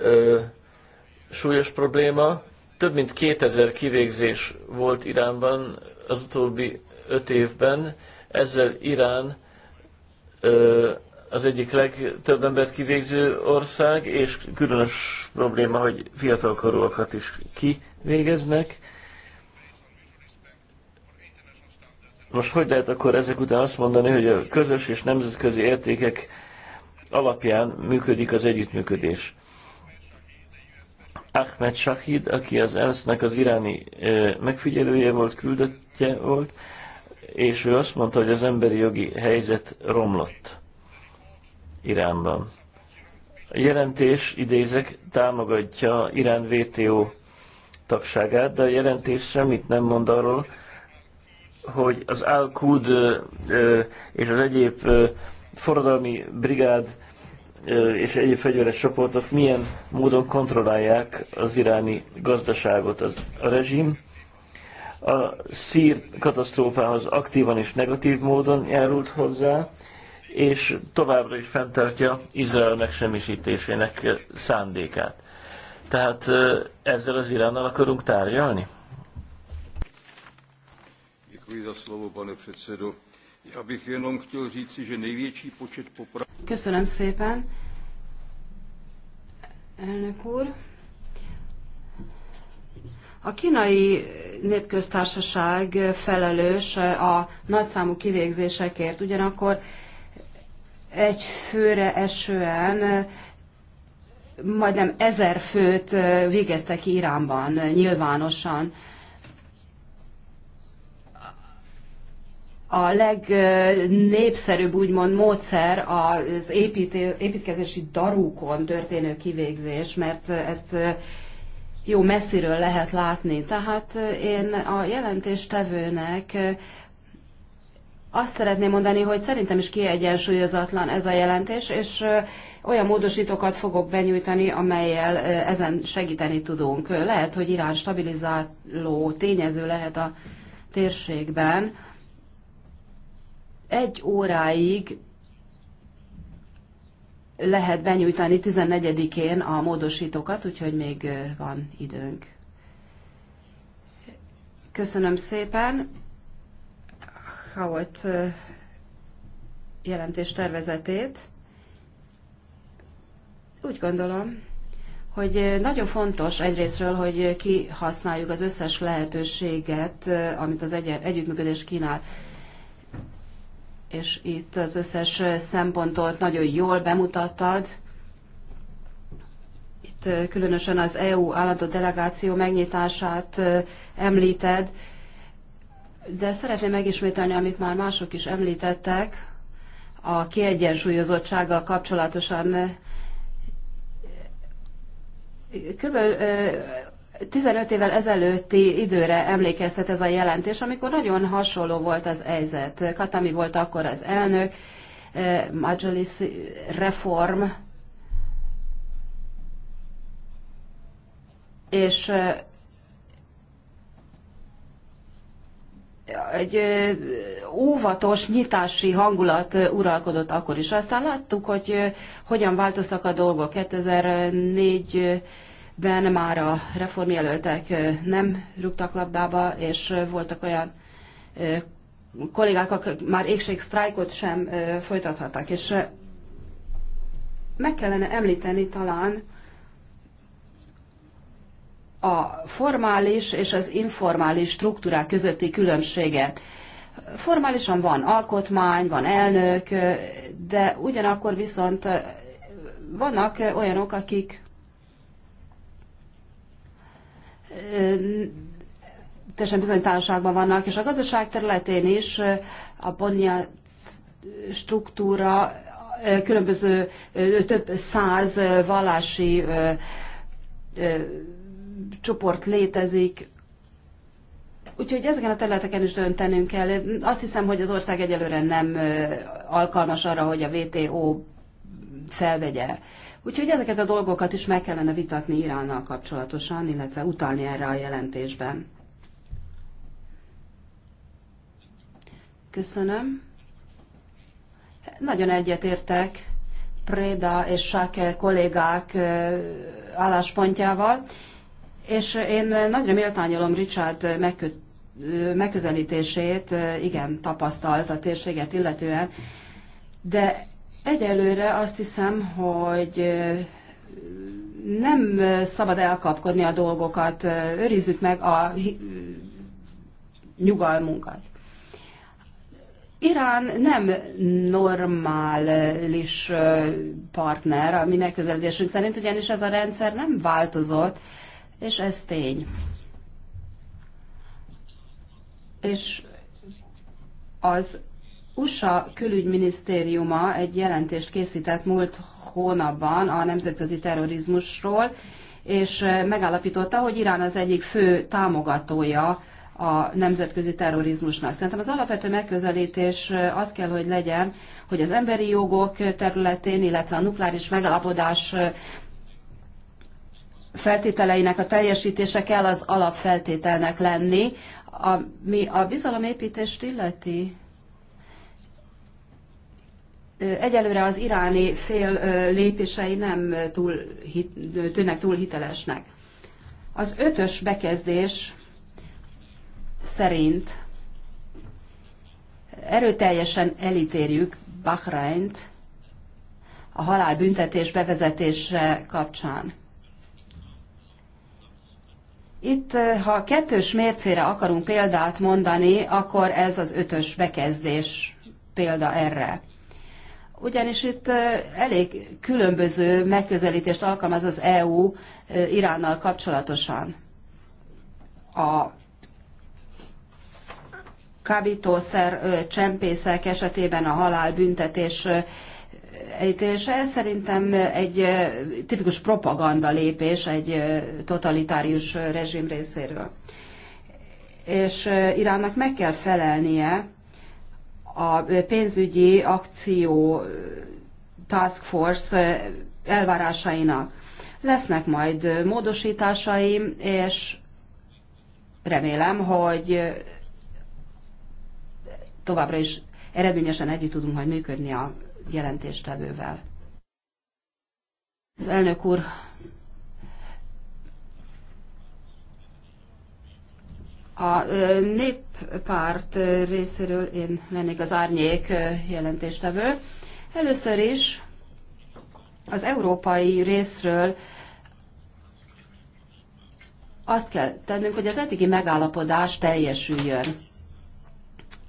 ö, súlyos probléma. Több mint 2000 kivégzés volt Iránban az utóbbi öt évben. Ezzel Irán ö, az egyik legtöbb embert kivégző ország, és különös probléma, hogy fiatalkorúakat is kivégeznek. Most hogy lehet akkor ezek után azt mondani, hogy a közös és nemzetközi értékek alapján működik az együttműködés? Ahmed Shahid, aki az ENSZ-nek az iráni megfigyelője volt, küldöttje volt, és ő azt mondta, hogy az emberi jogi helyzet romlott Iránban. A jelentés, idézek, támogatja Irán VTO tagságát, de a jelentés semmit nem mond arról, hogy az al és az egyéb forradalmi brigád és egyéb fegyveres csoportok milyen módon kontrollálják az iráni gazdaságot az, a rezsim. A szír katasztrófához aktívan és negatív módon járult hozzá, és továbbra is fenntartja Izrael megsemmisítésének szándékát. Tehát ezzel az Iránnal akarunk tárgyalni?
Köszönöm szépen. Elnök úr. A kínai népköztársaság felelős a nagyszámú kivégzésekért, ugyanakkor egy főre esően majdnem ezer főt végeztek Iránban nyilvánosan. a legnépszerűbb úgymond módszer az építé, építkezési darúkon történő kivégzés, mert ezt jó messziről lehet látni. Tehát én a jelentéstevőnek azt szeretném mondani, hogy szerintem is kiegyensúlyozatlan ez a jelentés, és olyan módosítókat fogok benyújtani, amelyel ezen segíteni tudunk. Lehet, hogy Irán stabilizáló tényező lehet a térségben, egy óráig lehet benyújtani 14-én a módosítókat, úgyhogy még van időnk. Köszönöm szépen. Howard jelentés tervezetét. Úgy gondolom, hogy nagyon fontos egyrésztről, hogy kihasználjuk az összes lehetőséget, amit az együttműködés kínál és itt az összes szempontot nagyon jól bemutattad. Itt különösen az EU állandó delegáció megnyitását említed, de szeretném megismételni, amit már mások is említettek, a kiegyensúlyozottsággal kapcsolatosan Körülbelül 15 évvel ezelőtti időre emlékeztet ez a jelentés, amikor nagyon hasonló volt az helyzet. Katami volt akkor az elnök, eh, Majalis reform, és eh, egy eh, óvatos, nyitási hangulat uralkodott akkor is. Aztán láttuk, hogy hogyan változtak a dolgok. 2004 ben már a reformjelöltek nem rúgtak labdába, és voltak olyan kollégák, akik már égségsztrájkot sem folytathattak. És meg kellene említeni talán a formális és az informális struktúrák közötti különbséget. Formálisan van alkotmány, van elnök, de ugyanakkor viszont vannak olyanok, akik teljesen bizonytalanságban vannak, és a gazdaság területén is a Bonnia struktúra különböző több száz vallási csoport létezik, Úgyhogy ezeken a területeken is döntenünk kell. azt hiszem, hogy az ország egyelőre nem alkalmas arra, hogy a WTO felvegye Úgyhogy ezeket a dolgokat is meg kellene vitatni Iránnal kapcsolatosan, illetve utalni erre a jelentésben. Köszönöm. Nagyon egyetértek Préda és Sáke kollégák álláspontjával, és én nagyra méltányolom Richard megköt megközelítését, igen, tapasztalt a térséget illetően, de Egyelőre azt hiszem, hogy nem szabad elkapkodni a dolgokat, őrizzük meg a nyugalmunkat. Irán nem normális partner a mi megközelítésünk szerint, ugyanis ez a rendszer nem változott, és ez tény. És az USA külügyminisztériuma egy jelentést készített múlt hónapban a nemzetközi terrorizmusról, és eh, megállapította, hogy Irán az egyik fő támogatója a nemzetközi terrorizmusnak. Szerintem az alapvető megközelítés eh, az kell, hogy legyen, hogy az emberi jogok területén, illetve a nukleáris megalapodás eh, feltételeinek a teljesítése kell az alapfeltételnek lenni, ami a bizalomépítést illeti. Egyelőre az iráni fél lépései nem túl, tűnnek túl hitelesnek. Az ötös bekezdés szerint erőteljesen elítérjük Bahreint a halálbüntetés bevezetése kapcsán. Itt, ha kettős mércére akarunk példát mondani, akkor ez az ötös bekezdés példa erre ugyanis itt elég különböző megközelítést alkalmaz az EU Iránnal kapcsolatosan. A kábítószer csempészek esetében a halálbüntetés elítélése, ez szerintem egy tipikus propaganda lépés egy totalitárius rezsim részéről. És Iránnak meg kell felelnie a pénzügyi akció task force elvárásainak. Lesznek majd módosításaim, és remélem, hogy továbbra is eredményesen együtt tudunk majd működni a jelentéstevővel. Az elnök úr a nép párt részéről én lennék az árnyék jelentéstevő. Először is az európai részről azt kell tennünk, hogy az eddigi megállapodás teljesüljön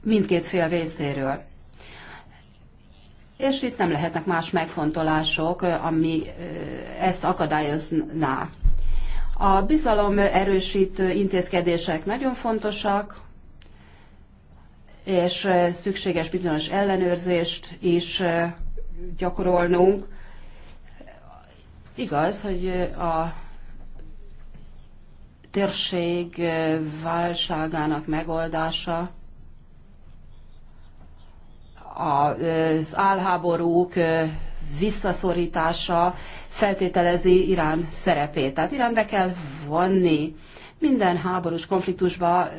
mindkét fél részéről. És itt nem lehetnek más megfontolások, ami ezt akadályozná. A bizalom erősítő intézkedések nagyon fontosak, és szükséges bizonyos ellenőrzést is gyakorolnunk. Igaz, hogy a térség válságának megoldása az álháborúk visszaszorítása feltételezi Irán szerepét. Tehát Irán be kell vonni minden háborús konfliktusba,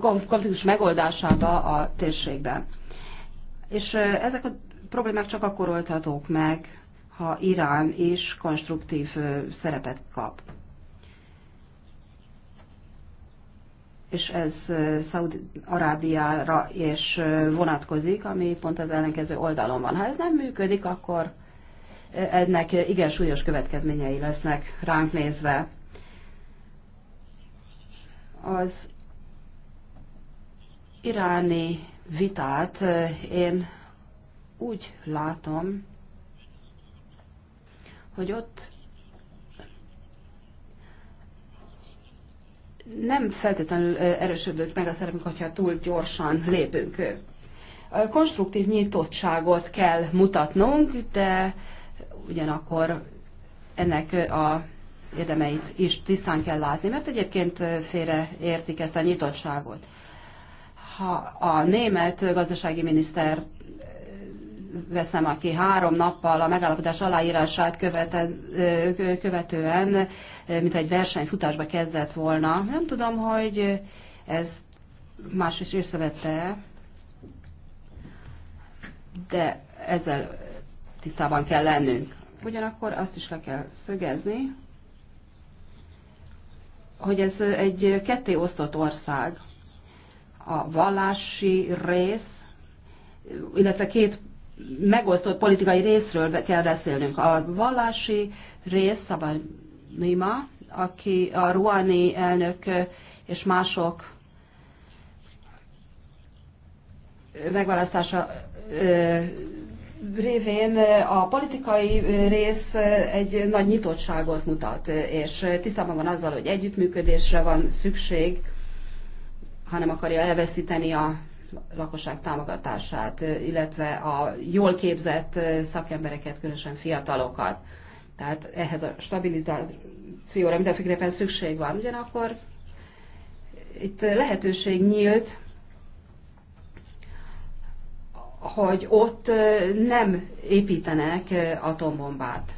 konfliktus megoldásába a térségben. És ezek a problémák csak akkor oldhatók meg, ha Irán is konstruktív szerepet kap. És ez Szaudi-Arábiára és vonatkozik, ami pont az ellenkező oldalon van. Ha ez nem működik, akkor ennek igen súlyos következményei lesznek ránk nézve. Az iráni vitát én úgy látom, hogy ott nem feltétlenül erősödött meg a szerepünk, hogyha túl gyorsan lépünk. A konstruktív nyitottságot kell mutatnunk, de ugyanakkor ennek a az érdemeit is tisztán kell látni, mert egyébként félre értik ezt a nyitottságot. Ha a német gazdasági miniszter veszem, aki három nappal a megállapodás aláírását követe, követően, mint egy versenyfutásba kezdett volna. Nem tudom, hogy ez más is összevette, de ezzel tisztában kell lennünk. Ugyanakkor azt is le kell szögezni, hogy ez egy ketté osztott ország. A vallási rész, illetve két megosztott politikai részről kell beszélnünk. A vallási rész, Nima, aki a ruani elnök és mások megválasztása révén a politikai rész egy nagy nyitottságot mutat, és tisztában van azzal, hogy együttműködésre van szükség, hanem akarja elveszíteni a lakosság támogatását, illetve a jól képzett szakembereket, különösen fiatalokat. Tehát ehhez a stabilizációra mindenféleképpen szükség van. Ugyanakkor itt lehetőség nyílt hogy ott nem építenek atombombát.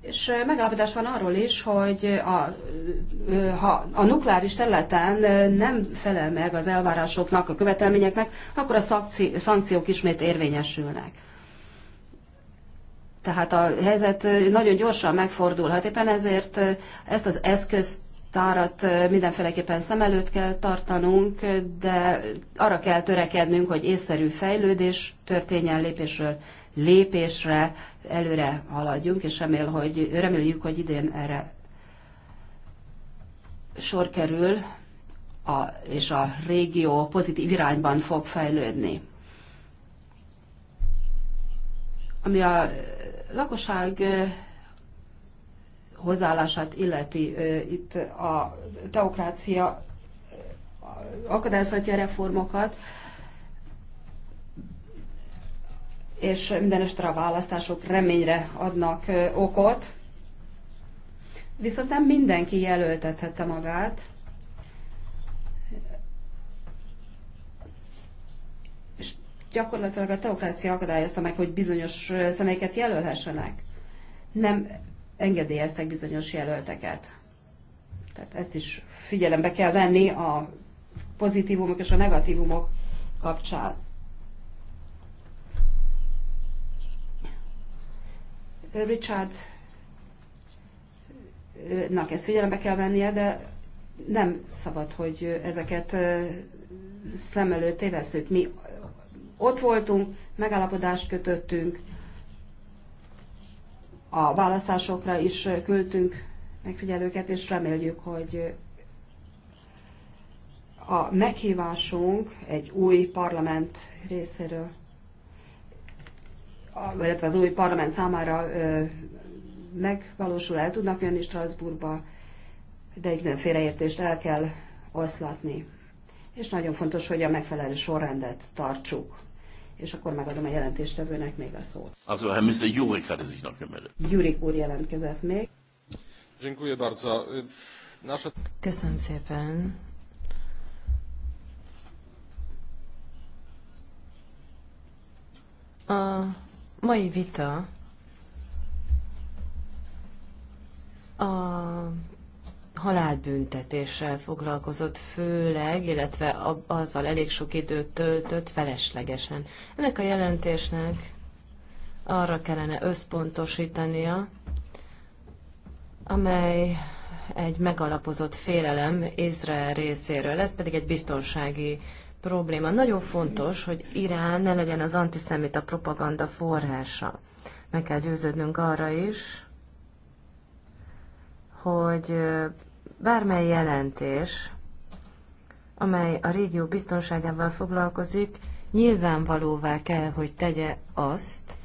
És megállapodás van arról is, hogy a, ha a nukleáris területen nem felel meg az elvárásoknak, a követelményeknek, akkor a szankciók ismét érvényesülnek. Tehát a helyzet nagyon gyorsan megfordulhat. Éppen ezért ezt az eszközt tárat mindenféleképpen szem előtt kell tartanunk, de arra kell törekednünk, hogy észszerű fejlődés történjen lépésről lépésre, előre haladjunk, és remél, hogy, reméljük, hogy idén erre sor kerül, a, és a régió pozitív irányban fog fejlődni. Ami a lakosság hozzáállását illeti. Itt a teokrácia akadályozhatja reformokat, és minden esetre a választások reményre adnak okot. Viszont nem mindenki jelöltethette magát. És gyakorlatilag a teokrácia akadályozta meg, hogy bizonyos személyeket jelölhessenek. Nem engedélyeztek bizonyos jelölteket. Tehát ezt is figyelembe kell venni a pozitívumok és a negatívumok kapcsán. Richard Na, ezt figyelembe kell vennie, de nem szabad, hogy ezeket szem előtt tévesszük. Mi ott voltunk, megállapodást kötöttünk, a választásokra is küldtünk megfigyelőket, és reméljük, hogy a meghívásunk egy új parlament részéről, illetve az új parlament számára megvalósul, el tudnak jönni Strasbourgba, de egy félreértést el kell oszlatni. És nagyon fontos, hogy a megfelelő sorrendet tartsuk és akkor megadom a jelentéstevőnek még a szót.
Az a hát Mr. Jurik hát ez a
Jurik úr jelentkezett még.
Dziękuję bardzo. Nasze...
Köszönöm szépen.
A mai vita a halálbüntetéssel foglalkozott főleg, illetve azzal elég sok időt töltött feleslegesen. Ennek a jelentésnek arra kellene összpontosítania, amely egy megalapozott félelem Izrael részéről. Ez pedig egy biztonsági probléma. Nagyon fontos, hogy Irán ne legyen az antiszemita propaganda forrása. Meg kell győződnünk arra is, hogy Bármely jelentés, amely a régió biztonságával foglalkozik, nyilvánvalóvá kell, hogy tegye azt,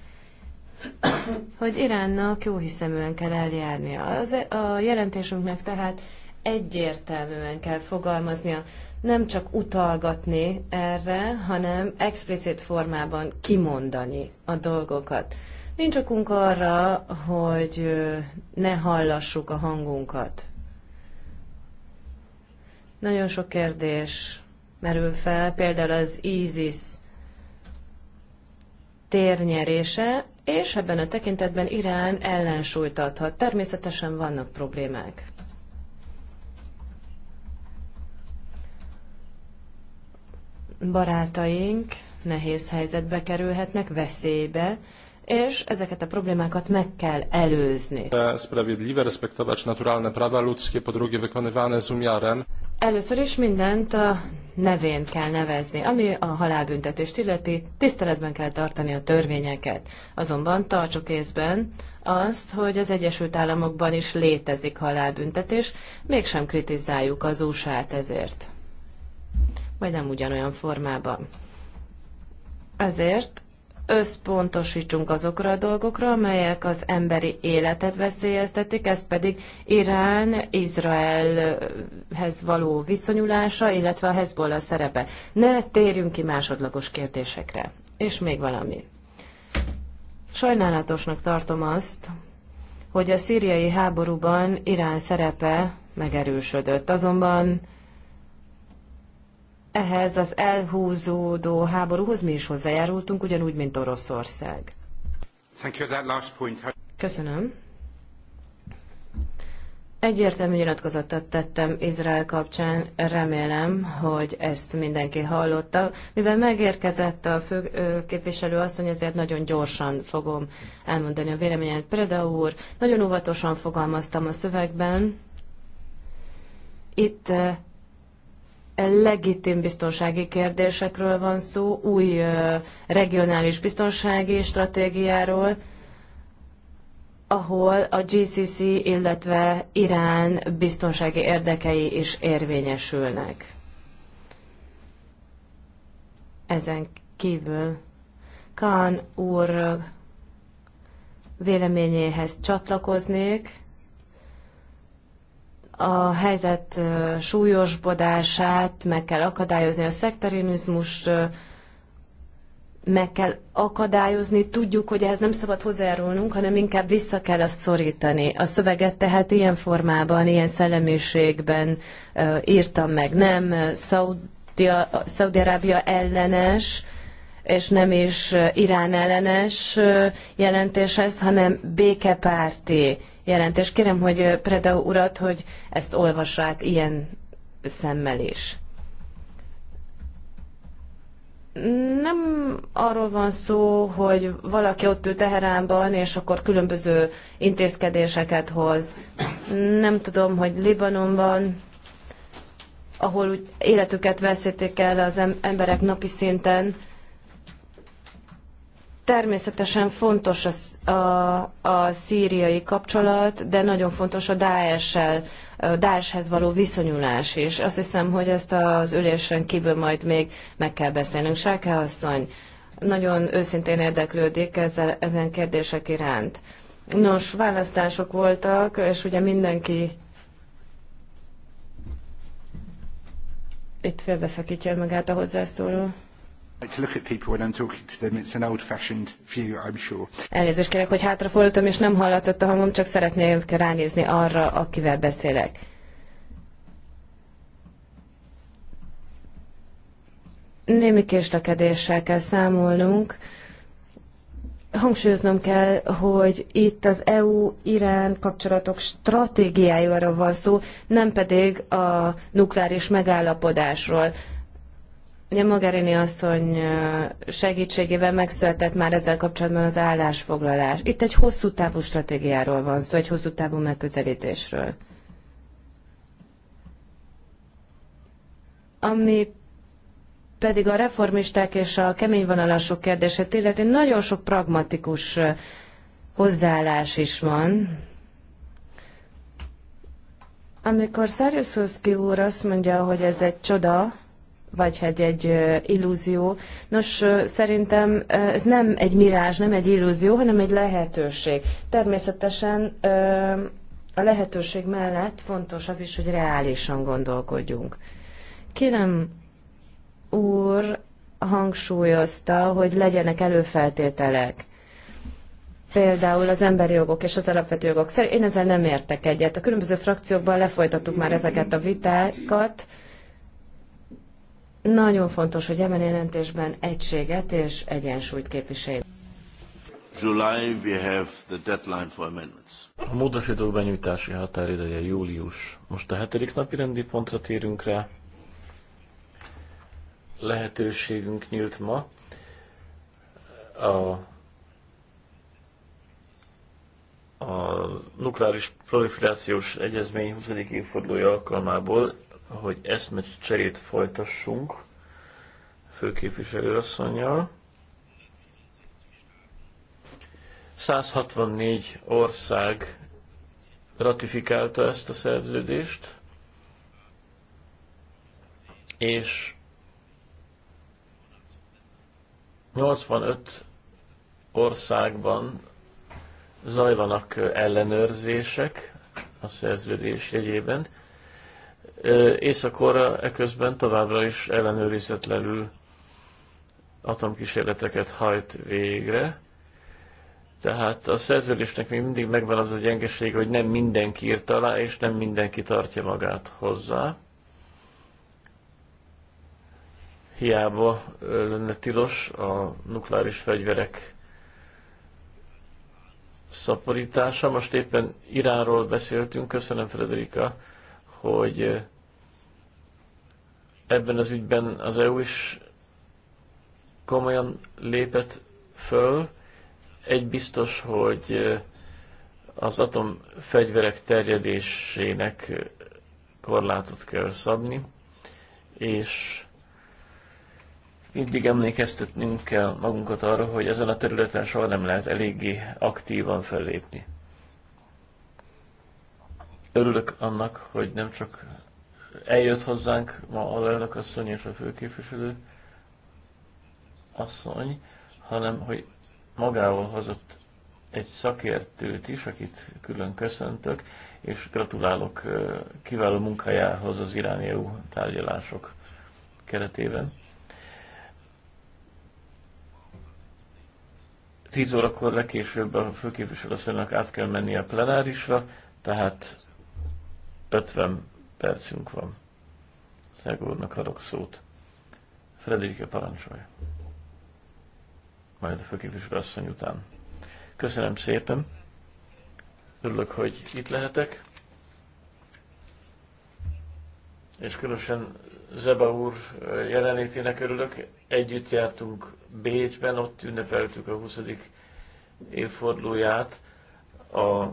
hogy Iránnak jó hiszeműen kell eljárnia. Az, e- a jelentésünknek tehát egyértelműen kell fogalmaznia, nem csak utalgatni erre, hanem explicit formában kimondani a dolgokat. Nincs okunk arra, hogy ne hallassuk a hangunkat. Nagyon sok kérdés merül fel, például az ISIS térnyerése, és ebben a tekintetben Irán ellensúlyt adhat. Természetesen vannak problémák. Barátaink nehéz helyzetbe kerülhetnek, veszélybe, és ezeket a problémákat meg kell előzni.
E sprawiedliwe, respektować naturalne prawa ludzkie, po drugie wykonywane z umiarem.
Először is mindent a nevén kell nevezni, ami a halálbüntetést illeti, tiszteletben kell tartani a törvényeket. Azonban tartsuk észben azt, hogy az Egyesült Államokban is létezik halálbüntetés, mégsem kritizáljuk az usa ezért. Vagy nem ugyanolyan formában. Ezért összpontosítsunk azokra a dolgokra, amelyek az emberi életet veszélyeztetik, ez pedig Irán, Izraelhez való viszonyulása, illetve a Hezbollah szerepe. Ne térjünk ki másodlagos kérdésekre. És még valami. Sajnálatosnak tartom azt, hogy a szíriai háborúban Irán szerepe megerősödött. Azonban ehhez az elhúzódó háborúhoz mi is hozzájárultunk, ugyanúgy, mint Oroszország. Köszönöm. Egyértelmű nyilatkozatot tettem Izrael kapcsán, remélem, hogy ezt mindenki hallotta. Mivel megérkezett a fő képviselő asszony, ezért nagyon gyorsan fogom elmondani a véleményet. Preda úr, nagyon óvatosan fogalmaztam a szövegben. Itt legitim biztonsági kérdésekről van szó, új regionális biztonsági stratégiáról, ahol a GCC, illetve Irán biztonsági érdekei is érvényesülnek. Ezen kívül Khan úr véleményéhez csatlakoznék, a helyzet súlyosbodását meg kell akadályozni, a szektarinizmus meg kell akadályozni, tudjuk, hogy ez nem szabad hozzájárulnunk, hanem inkább vissza kell azt szorítani. A szöveget tehát ilyen formában, ilyen szellemiségben írtam meg, nem Szaudi-Arábia ellenes, és nem is Irán ellenes jelentés ez, hanem békepárti jelentés. Kérem, hogy Preda urat, hogy ezt olvassa át ilyen szemmel is. Nem arról van szó, hogy valaki ott ül Teheránban, és akkor különböző intézkedéseket hoz. Nem tudom, hogy Libanonban, ahol életüket veszítik el az emberek napi szinten, Természetesen fontos a, a, a szíriai kapcsolat, de nagyon fontos a Daesh-el, Daesh-hez való viszonyulás is. Azt hiszem, hogy ezt az ülésen kívül majd még meg kell beszélnünk. Sáke asszony nagyon őszintén érdeklődik ezzel, ezen kérdések iránt. Nos, választások voltak, és ugye mindenki itt félbeszakítja magát a hozzászóló. Elnézést kérek, hogy hátrafordultam, és nem hallatszott a hangom, csak szeretnék ránézni arra, akivel beszélek. Némi késlekedéssel kell számolnunk. Hangsúlyoznom kell, hogy itt az EU-Irán kapcsolatok stratégiájáról van szó, nem pedig a nukleáris megállapodásról Ugye Mogherini asszony segítségével megszületett már ezzel kapcsolatban az állásfoglalás. Itt egy hosszú távú stratégiáról van szó, egy hosszú távú megközelítésről. Ami pedig a reformisták és a kemény vonalasok kérdését illeti, nagyon sok pragmatikus hozzáállás is van. Amikor Szárjuszowski úr azt mondja, hogy ez egy csoda, vagy hogy hát egy illúzió. Nos, szerintem ez nem egy mirázs, nem egy illúzió, hanem egy lehetőség. Természetesen a lehetőség mellett fontos az is, hogy reálisan gondolkodjunk. Kérem úr hangsúlyozta, hogy legyenek előfeltételek például az emberi jogok és az alapvető jogok. Én ezzel nem értek egyet. A különböző frakciókban lefolytattuk már ezeket a vitákat. Nagyon fontos, hogy ebben jelentésben egységet és egyensúlyt képviselj.
July we have the deadline for amendments. A módosítók benyújtási határideje július. Most a hetedik napi rendi pontra térünk rá. Lehetőségünk nyílt ma. A a nukleáris proliferációs egyezmény 20. évfordulója alkalmából hogy eszmet cserét folytassunk főképviselőasszonyjal. 164 ország ratifikálta ezt a szerződést, és 85 országban zajlanak ellenőrzések a szerződés jegyében. Észak-Korea eközben továbbra is ellenőrizetlenül atomkísérleteket hajt végre. Tehát a szerződésnek még mindig megvan az a gyengesége, hogy nem mindenki írt alá, és nem mindenki tartja magát hozzá. Hiába lenne tilos a nukleáris fegyverek szaporítása. Most éppen Iránról beszéltünk, köszönöm Frederika hogy eh, ebben az ügyben az EU is komolyan lépett föl. Egy biztos, hogy eh, az atomfegyverek terjedésének eh, korlátot kell szabni, és mindig emlékeztetnünk kell magunkat arra, hogy ezen a területen soha nem lehet eléggé aktívan fellépni. Örülök annak, hogy nem csak eljött hozzánk ma a lelnök asszony és a főképviselő asszony, hanem hogy magával hozott egy szakértőt is, akit külön köszöntök, és gratulálok kiváló munkájához az iráni EU tárgyalások keretében. Tíz órakor legkésőbb a főképviselőasszonynak át kell menni a plenárisra, tehát 50 percünk van. Szegúrnak adok szót. a parancsolja. Majd a főképviselő asszony után. Köszönöm szépen. Örülök, hogy itt lehetek. És különösen Zeba úr jelenlétének örülök. Együtt jártunk Bécsben, ott ünnepeltük a 20. évfordulóját a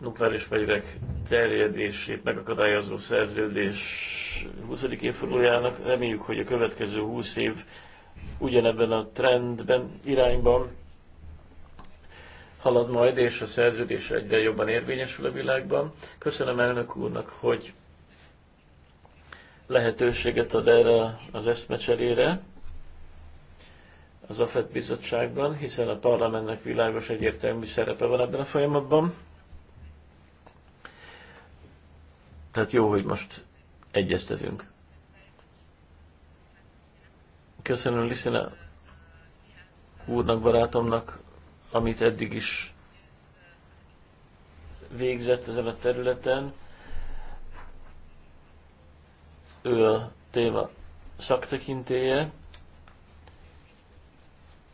nukleáris fegyverek terjedését megakadályozó szerződés 20. évfordulójának. Reméljük, hogy a következő 20 év ugyanebben a trendben, irányban halad majd, és a szerződés egyre jobban érvényesül a világban. Köszönöm elnök úrnak, hogy lehetőséget ad erre az eszmecserére az AFET bizottságban, hiszen a parlamentnek világos egyértelmű szerepe van ebben a folyamatban. Tehát jó, hogy most egyeztetünk. Köszönöm Liszina úrnak, barátomnak, amit eddig is végzett ezen a területen. Ő a téma szaktekintéje,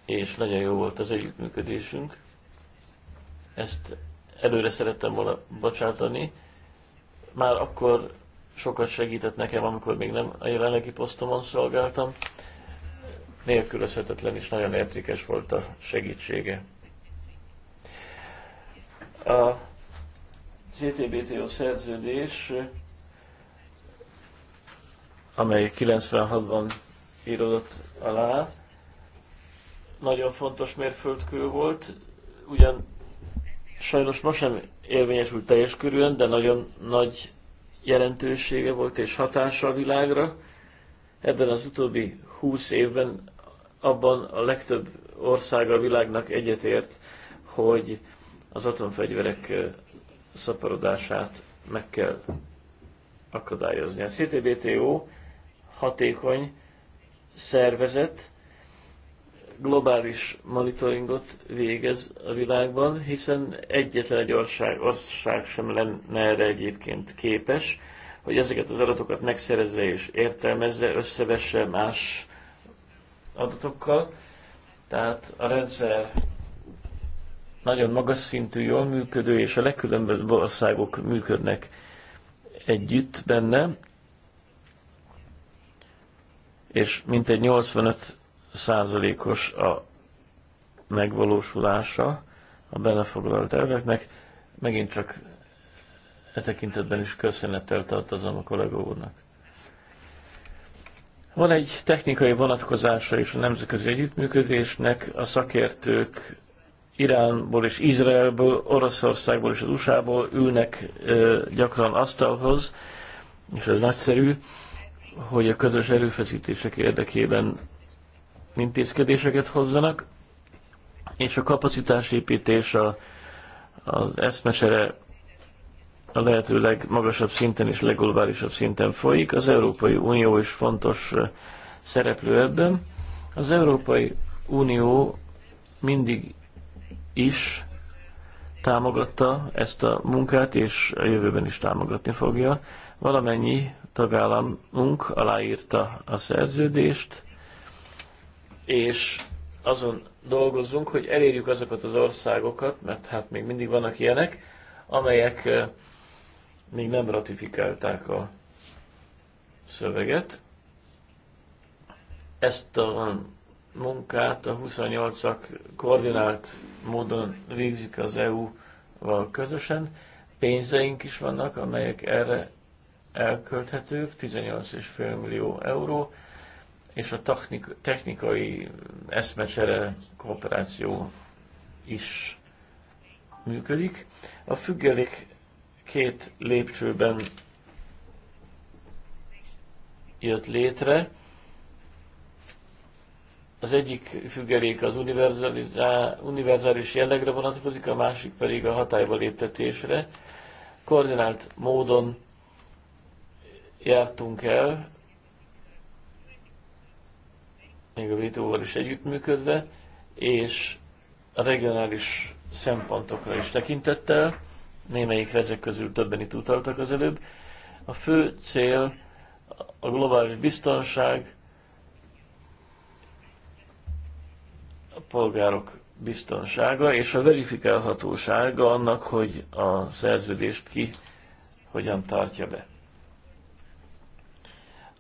és nagyon jó volt az együttműködésünk. Ezt előre szerettem volna bocsátani már akkor sokat segített nekem, amikor még nem a jelenlegi posztomon szolgáltam. Nélkülözhetetlen is nagyon értékes volt a segítsége. A CTBTO szerződés, amely 96-ban írodott alá, nagyon fontos mérföldkő volt, ugyan sajnos most sem érvényesült teljes körülön, de nagyon nagy jelentősége volt és hatása a világra. Ebben az utóbbi húsz évben abban a legtöbb ország a világnak egyetért, hogy az atomfegyverek szaporodását meg kell akadályozni. A CTBTO hatékony szervezet, globális monitoringot végez a világban, hiszen egyetlen egy ország, ország sem lenne erre egyébként képes, hogy ezeket az adatokat megszerezze és értelmezze, összevesse más adatokkal. Tehát a rendszer nagyon magas szintű, jól működő, és a legkülönbözőbb országok működnek együtt benne, és mintegy 85 százalékos a megvalósulása a belefoglalt terveknek. Megint csak e tekintetben is köszönettel tartozom a kollega úrnak. Van egy technikai vonatkozása is a nemzetközi együttműködésnek. A szakértők Iránból és Izraelből, Oroszországból és az USA-ból ülnek gyakran asztalhoz, és ez nagyszerű, hogy a közös erőfeszítések érdekében intézkedéseket hozzanak, és a kapacitásépítés, a, az eszmesere a lehető legmagasabb szinten és legglobálisabb szinten folyik. Az Európai Unió is fontos szereplő ebben. Az Európai Unió mindig is támogatta ezt a munkát, és a jövőben is támogatni fogja. Valamennyi tagállamunk aláírta a szerződést, és azon dolgozzunk, hogy elérjük azokat az országokat, mert hát még mindig vannak ilyenek, amelyek még nem ratifikálták a szöveget. Ezt a munkát a 28-ak koordinált módon végzik az EU-val közösen. Pénzeink is vannak, amelyek erre elkölthetők, 18,5 millió euró és a technikai eszmecsere kooperáció is működik. A függelék két lépcsőben jött létre. Az egyik függelék az univerzális jellegre vonatkozik, a másik pedig a hatályba léptetésre. Koordinált módon jártunk el még a WTO-val is együttműködve, és a regionális szempontokra is tekintettel, némelyik ezek közül többen itt utaltak az előbb. A fő cél a globális biztonság, a polgárok biztonsága és a verifikálhatósága annak, hogy a szerződést ki hogyan tartja be.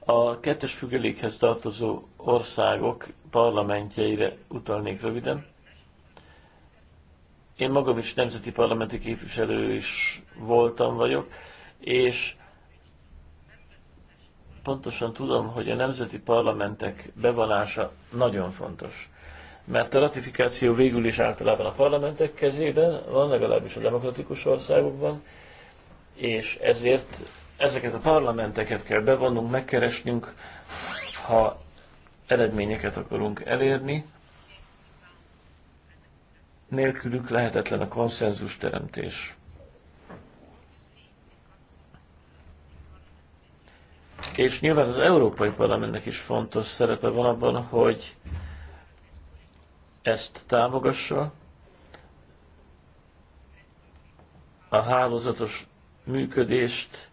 A kettes függelékhez tartozó országok parlamentjeire utalnék röviden. Én magam is nemzeti parlamenti képviselő is voltam vagyok, és pontosan tudom, hogy a nemzeti parlamentek bevonása nagyon fontos. Mert a ratifikáció végül is általában a parlamentek kezében van, legalábbis a demokratikus országokban, és ezért ezeket a parlamenteket kell bevonnunk, megkeresnünk, ha eredményeket akarunk elérni. Nélkülük lehetetlen a konszenzus teremtés. És nyilván az Európai Parlamentnek is fontos szerepe van abban, hogy ezt támogassa, a hálózatos működést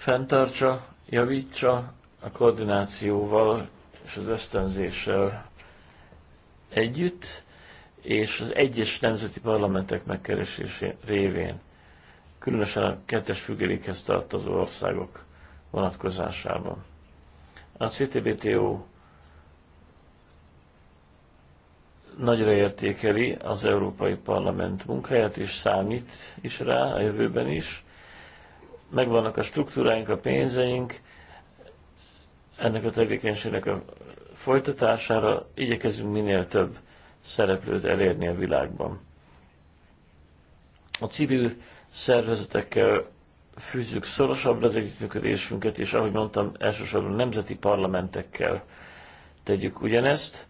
fenntartsa, javítsa a koordinációval és az ösztönzéssel együtt, és az egyes nemzeti parlamentek megkeresésé révén, különösen a kettes függelékhez tartozó országok vonatkozásában. A CTBTO nagyra értékeli az Európai Parlament munkáját, és számít is rá a jövőben is, megvannak a struktúráink, a pénzeink, ennek a tevékenységnek a folytatására igyekezünk minél több szereplőt elérni a világban. A civil szervezetekkel fűzzük szorosabbra az együttműködésünket, és ahogy mondtam, elsősorban nemzeti parlamentekkel tegyük ugyanezt,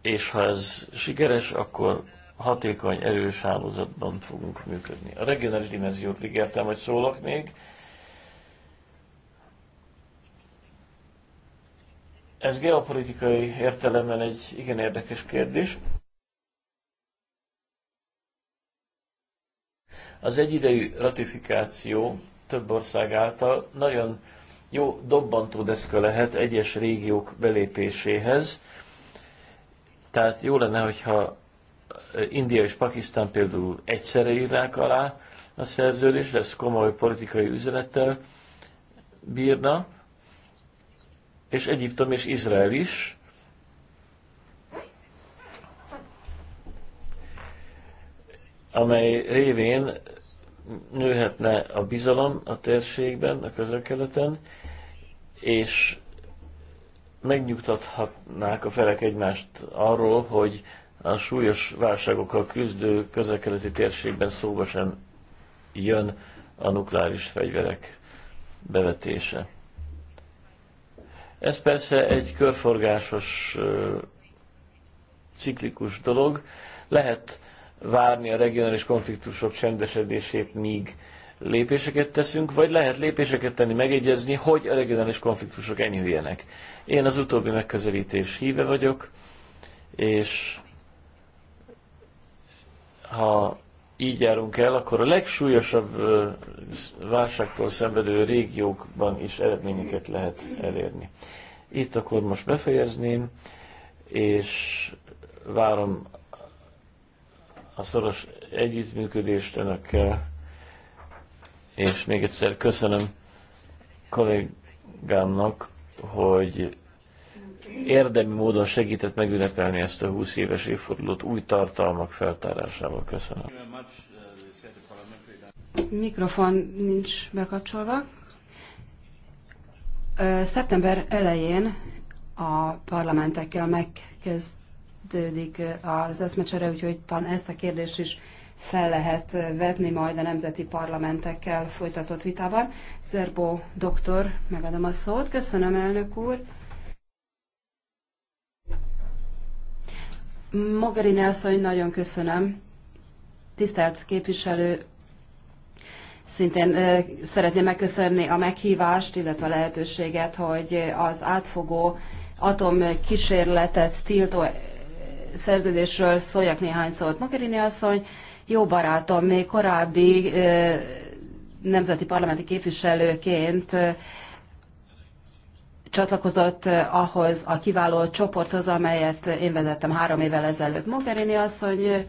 és ha ez sikeres, akkor hatékony, erős hálózatban fogunk működni. A regionális dimenziót ígértem, hogy szólok még. Ez geopolitikai értelemben egy igen érdekes kérdés. Az egyidejű ratifikáció több ország által nagyon jó dobbantó deszka lehet egyes régiók belépéséhez. Tehát jó lenne, hogyha India és Pakisztán például egyszerre írnák alá a szerződést, ez komoly politikai üzenettel bírna, és Egyiptom és Izrael is. amely révén nőhetne a bizalom a térségben, a közelkeleten, és megnyugtathatnák a felek egymást arról, hogy a súlyos válságokkal küzdő közelkeleti térségben szóba sem jön a nukleáris fegyverek bevetése. Ez persze egy körforgásos, ciklikus dolog. Lehet várni a regionális konfliktusok csendesedését, míg lépéseket teszünk, vagy lehet lépéseket tenni, megegyezni, hogy a regionális konfliktusok enyhüljenek. Én az utóbbi megközelítés híve vagyok, és ha így járunk el, akkor a legsúlyosabb válságtól szenvedő régiókban is eredményeket lehet elérni. Itt akkor most befejezném, és várom a szoros együttműködést önökkel, és még egyszer köszönöm kollégámnak, hogy érdemi módon segített megünnepelni ezt a 20 éves évfordulót új tartalmak feltárásával. Köszönöm.
Mikrofon nincs bekapcsolva. Szeptember elején a parlamentekkel megkezdődik az eszmecsere, úgyhogy talán ezt a kérdést is fel lehet vetni majd a nemzeti parlamentekkel folytatott vitában. Zerbo doktor, megadom a szót. Köszönöm, elnök úr. Mogherini asszony, nagyon köszönöm. Tisztelt képviselő, szintén szeretném megköszönni a meghívást, illetve a lehetőséget, hogy az átfogó atomkísérletet tiltó szerződésről szóljak néhány szót. Mogherini asszony, jó barátom, még korábbi nemzeti parlamenti képviselőként csatlakozott eh, ahhoz a kiváló csoporthoz, amelyet én vezettem három évvel ezelőtt. Mogherini asszony eh,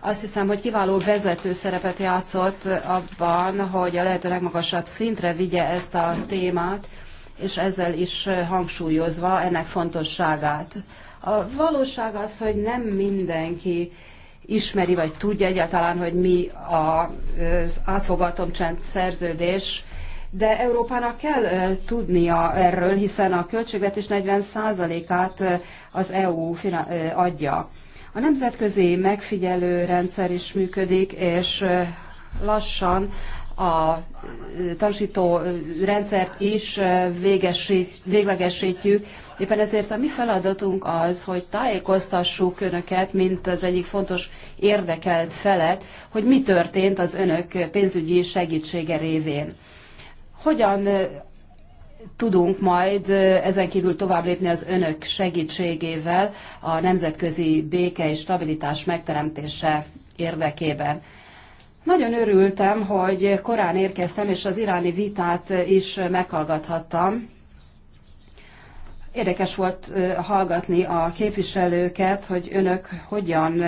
azt hiszem, hogy kiváló vezető szerepet játszott eh, abban, hogy a lehető legmagasabb szintre vigye ezt a témát, és ezzel is hangsúlyozva ennek fontosságát. A valóság az, hogy nem mindenki ismeri vagy tudja egyáltalán, hogy mi az átfogatomcsend szerződés, de Európának kell tudnia erről, hiszen a költségvetés 40%-át az EU adja. A nemzetközi megfigyelő rendszer is működik, és lassan a tanúsító rendszert is véglegesítjük. Éppen ezért a mi feladatunk az, hogy tájékoztassuk önöket, mint az egyik fontos érdekelt felet, hogy mi történt az önök pénzügyi segítsége révén. Hogyan tudunk majd ezen kívül tovább lépni az önök segítségével a nemzetközi béke és stabilitás megteremtése érdekében. Nagyon örültem, hogy korán érkeztem, és az iráni vitát is meghallgathattam. Érdekes volt hallgatni a képviselőket, hogy önök hogyan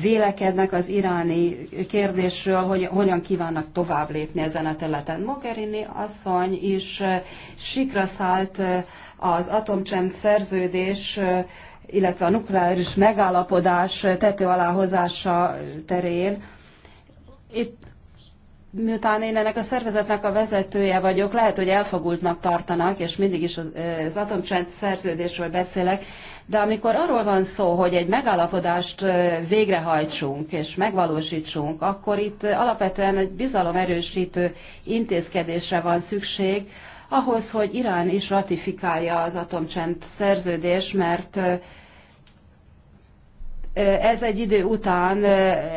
vélekednek az iráni kérdésről, hogy hogyan kívánnak tovább lépni ezen a területen. Mogherini asszony is sikra szállt az atomcsem szerződés, illetve a nukleáris megállapodás tető aláhozása terén. Itt miután én ennek a szervezetnek a vezetője vagyok, lehet, hogy elfogultnak tartanak, és mindig is az atomcsend szerződésről beszélek, de amikor arról van szó, hogy egy megállapodást végrehajtsunk és megvalósítsunk, akkor itt alapvetően egy bizalomerősítő intézkedésre van szükség, ahhoz, hogy Irán is ratifikálja az atomcsend szerződés, mert ez egy idő után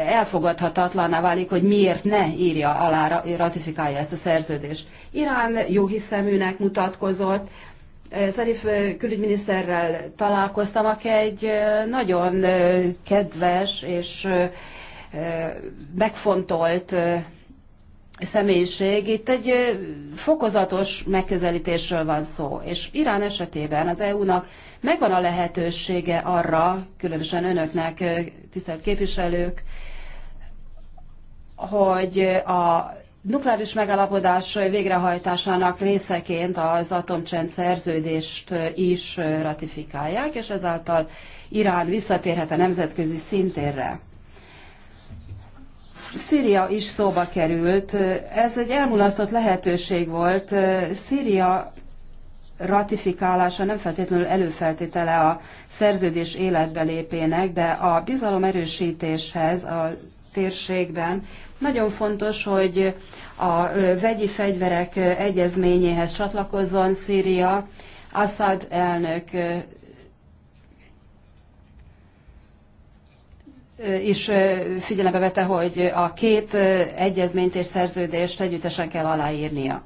elfogadhatatlaná válik, hogy miért ne írja alá, ratifikálja ezt a szerződést. Irán jóhiszeműnek mutatkozott, Szerif külügyminiszterrel találkoztam, aki egy nagyon kedves és megfontolt személyiség. Itt egy fokozatos megközelítésről van szó, és Irán esetében az EU-nak megvan a lehetősége arra, különösen önöknek, tisztelt képviselők, hogy a nukleáris megalapodás végrehajtásának részeként az atomcsend szerződést is ratifikálják, és ezáltal Irán visszatérhet a nemzetközi szintérre. Szíria is szóba került. Ez egy elmulasztott lehetőség volt. Szíria ratifikálása nem feltétlenül előfeltétele a szerződés életbelépének, de a bizalom erősítéshez, a térségben. Nagyon fontos, hogy a vegyi fegyverek egyezményéhez csatlakozzon Szíria. Assad elnök is figyelembe vette, hogy a két egyezményt és szerződést együttesen kell aláírnia.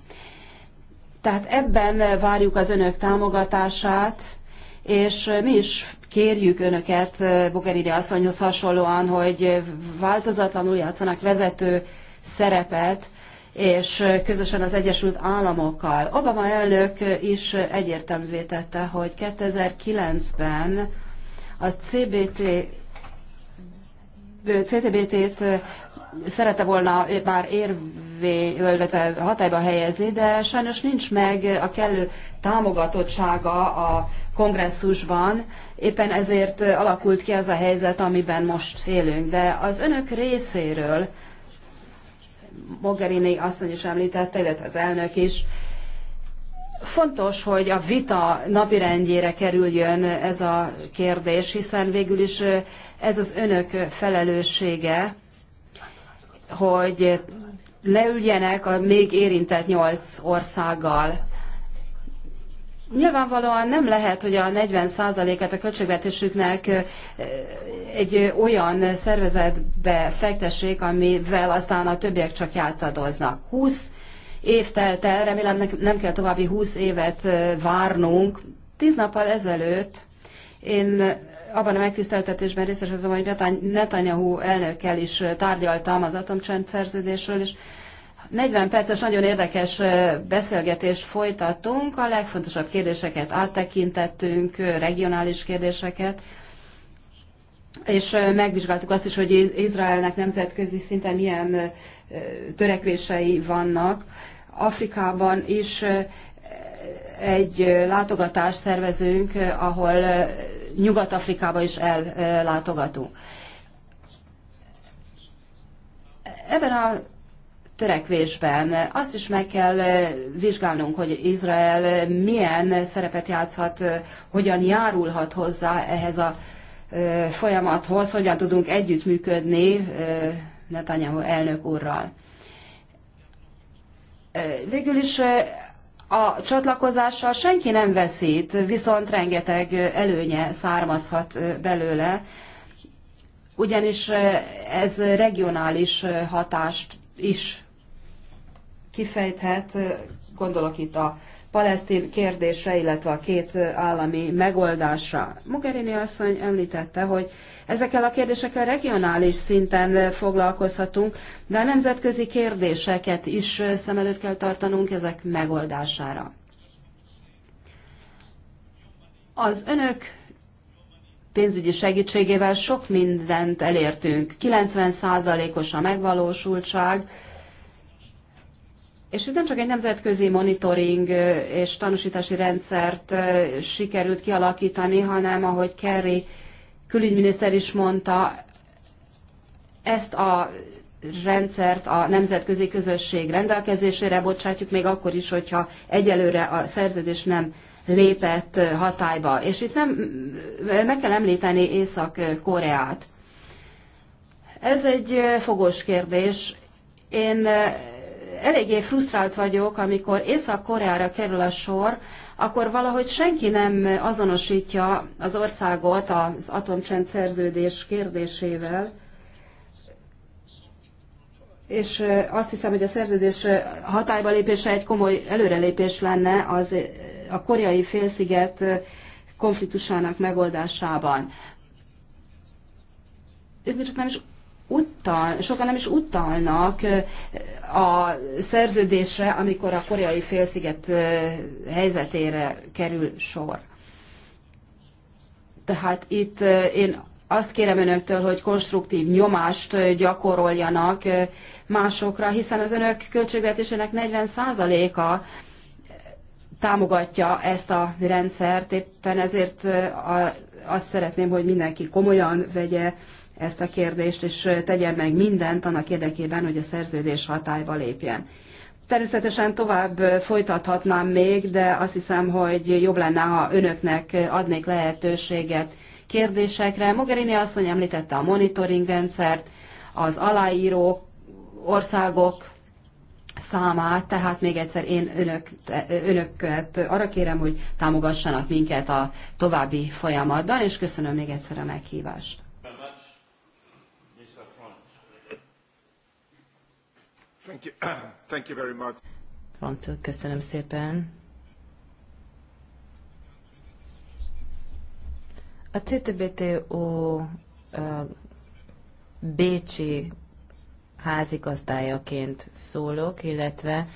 Tehát ebben várjuk az önök támogatását, és mi is kérjük önöket, Bogeride asszonyhoz hasonlóan, hogy változatlanul játszanak vezető szerepet, és közösen az Egyesült Államokkal. Obama elnök is egyértelművé tette, hogy 2009-ben a CBT CTBT-t szerette volna már érvé, illetve hatályba helyezni, de sajnos nincs meg a kellő támogatottsága a kongresszusban. Éppen ezért alakult ki az a helyzet, amiben most élünk. De az önök részéről, Mogherini asszony is említette, illetve az elnök is, Fontos, hogy a vita napirendjére kerüljön ez a kérdés, hiszen végül is ez az önök felelőssége, hogy leüljenek a még érintett nyolc országgal. Nyilvánvalóan nem lehet, hogy a 40%-et a költségvetésüknek egy olyan szervezetbe fektessék, amivel aztán a többiek csak játszadoznak. 20 év telt el, remélem nem kell további 20 évet várnunk. Tíz nappal ezelőtt én abban a megtiszteltetésben részesültem, hogy Netanyahu elnökkel is tárgyaltam az atomcsend szerződésről, és 40 perces nagyon érdekes beszélgetést folytattunk, a legfontosabb kérdéseket áttekintettünk, regionális kérdéseket, és megvizsgáltuk azt is, hogy Izraelnek nemzetközi szinten milyen törekvései vannak. Afrikában is egy látogatást szervezünk, ahol Nyugat-Afrikába is ellátogatunk. Ebben a törekvésben azt is meg kell vizsgálnunk, hogy Izrael milyen szerepet játszhat, hogyan járulhat hozzá ehhez a folyamathoz, hogyan tudunk együttműködni Netanyahu elnök úrral. Végül is a csatlakozással senki nem veszít, viszont rengeteg előnye származhat belőle, ugyanis ez regionális hatást is kifejthet, gondolok itt a palesztin kérdése, illetve a két állami megoldásra. Mogherini asszony említette, hogy ezekkel a kérdésekkel regionális szinten foglalkozhatunk, de a nemzetközi kérdéseket is szem előtt kell tartanunk ezek megoldására. Az önök pénzügyi segítségével sok mindent elértünk. 90%-os a megvalósultság, és nem csak egy nemzetközi monitoring és tanúsítási rendszert sikerült kialakítani, hanem ahogy Kerry külügyminiszter is mondta, ezt a rendszert a nemzetközi közösség rendelkezésére bocsátjuk, még akkor is, hogyha egyelőre a szerződés nem lépett hatályba. És itt nem, meg kell említeni Észak-Koreát. Ez egy fogós kérdés. Én eléggé frusztrált vagyok, amikor Észak-Koreára kerül a sor, akkor valahogy senki nem azonosítja az országot az atomcsend szerződés kérdésével, és azt hiszem, hogy a szerződés hatályba lépése egy komoly előrelépés lenne az a koreai félsziget konfliktusának megoldásában. Ők csak nem is utal, sokan nem is utalnak a szerződésre, amikor a koreai félsziget helyzetére kerül sor. Tehát itt én azt kérem önöktől, hogy konstruktív nyomást gyakoroljanak másokra, hiszen az önök költségvetésének 40%-a támogatja ezt a rendszert, éppen ezért azt szeretném, hogy mindenki komolyan vegye ezt a kérdést, és tegyen meg mindent annak érdekében, hogy a szerződés hatályba lépjen. Természetesen tovább folytathatnám még, de azt hiszem, hogy jobb lenne, ha önöknek adnék lehetőséget kérdésekre. Mogherini asszony említette a monitoring rendszert, az aláíró országok számát, tehát még egyszer én önök, önöket arra kérem, hogy támogassanak minket a további folyamatban, és köszönöm még egyszer a meghívást.
Thank you. Thank you very much.
Front, köszönöm szépen. A CTBTO Bécsi házigazdájaként szólok, illetve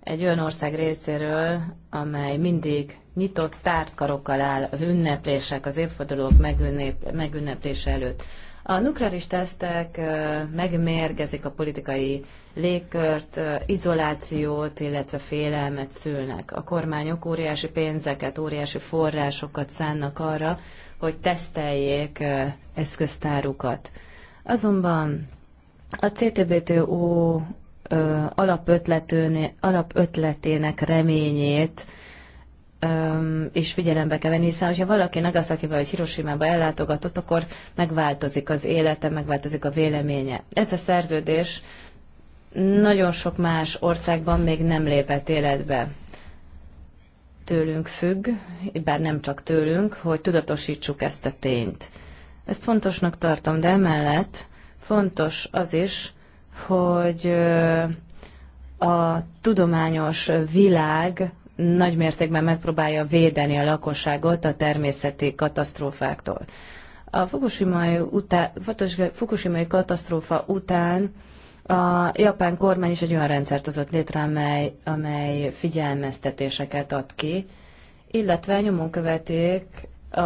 egy olyan ország részéről, amely mindig nyitott karokkal áll az ünneplések, az évfordulók megünnep, megünneplése előtt. A nukleáris tesztek megmérgezik a politikai légkört, izolációt, illetve félelmet szülnek. A kormányok óriási pénzeket, óriási forrásokat szánnak arra, hogy teszteljék eszköztárukat. Azonban a CTBTO alapötletének reményét is figyelembe kell venni, hiszen ha valaki nagasaki vagy Hiroshima-ba ellátogatott, akkor megváltozik az élete, megváltozik a véleménye. Ez a szerződés nagyon sok más országban még nem lépett életbe. Tőlünk függ, bár nem csak tőlünk, hogy tudatosítsuk ezt a tényt. Ezt fontosnak tartom, de emellett fontos az is, hogy a tudományos világ nagy mértékben megpróbálja védeni a lakosságot a természeti katasztrófáktól. A Fukushima után, katasztrófa után a japán kormány is egy olyan rendszert hozott létre, amely, amely figyelmeztetéseket ad ki, illetve nyomon követik a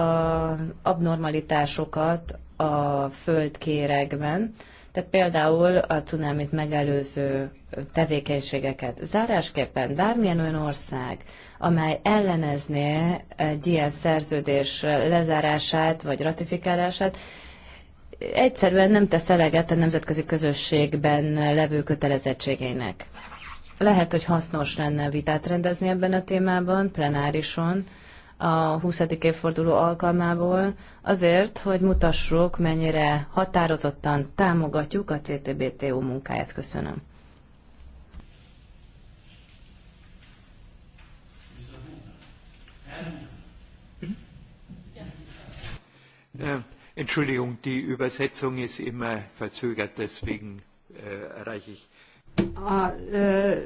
abnormalitásokat a földkéregben, tehát például a cunámit megelőző tevékenységeket. Zárásképpen bármilyen olyan ország, amely ellenezné egy ilyen szerződés lezárását vagy ratifikálását, egyszerűen nem tesz eleget a nemzetközi közösségben levő kötelezettségeinek. Lehet, hogy hasznos lenne vitát rendezni ebben a témában, plenárison, a 20. évforduló alkalmából, azért, hogy mutassuk, mennyire határozottan támogatjuk a CTBTO munkáját. Köszönöm.
Entschuldigung, die Übersetzung ist immer verzögert, deswegen äh, erreiche ich.
Äh,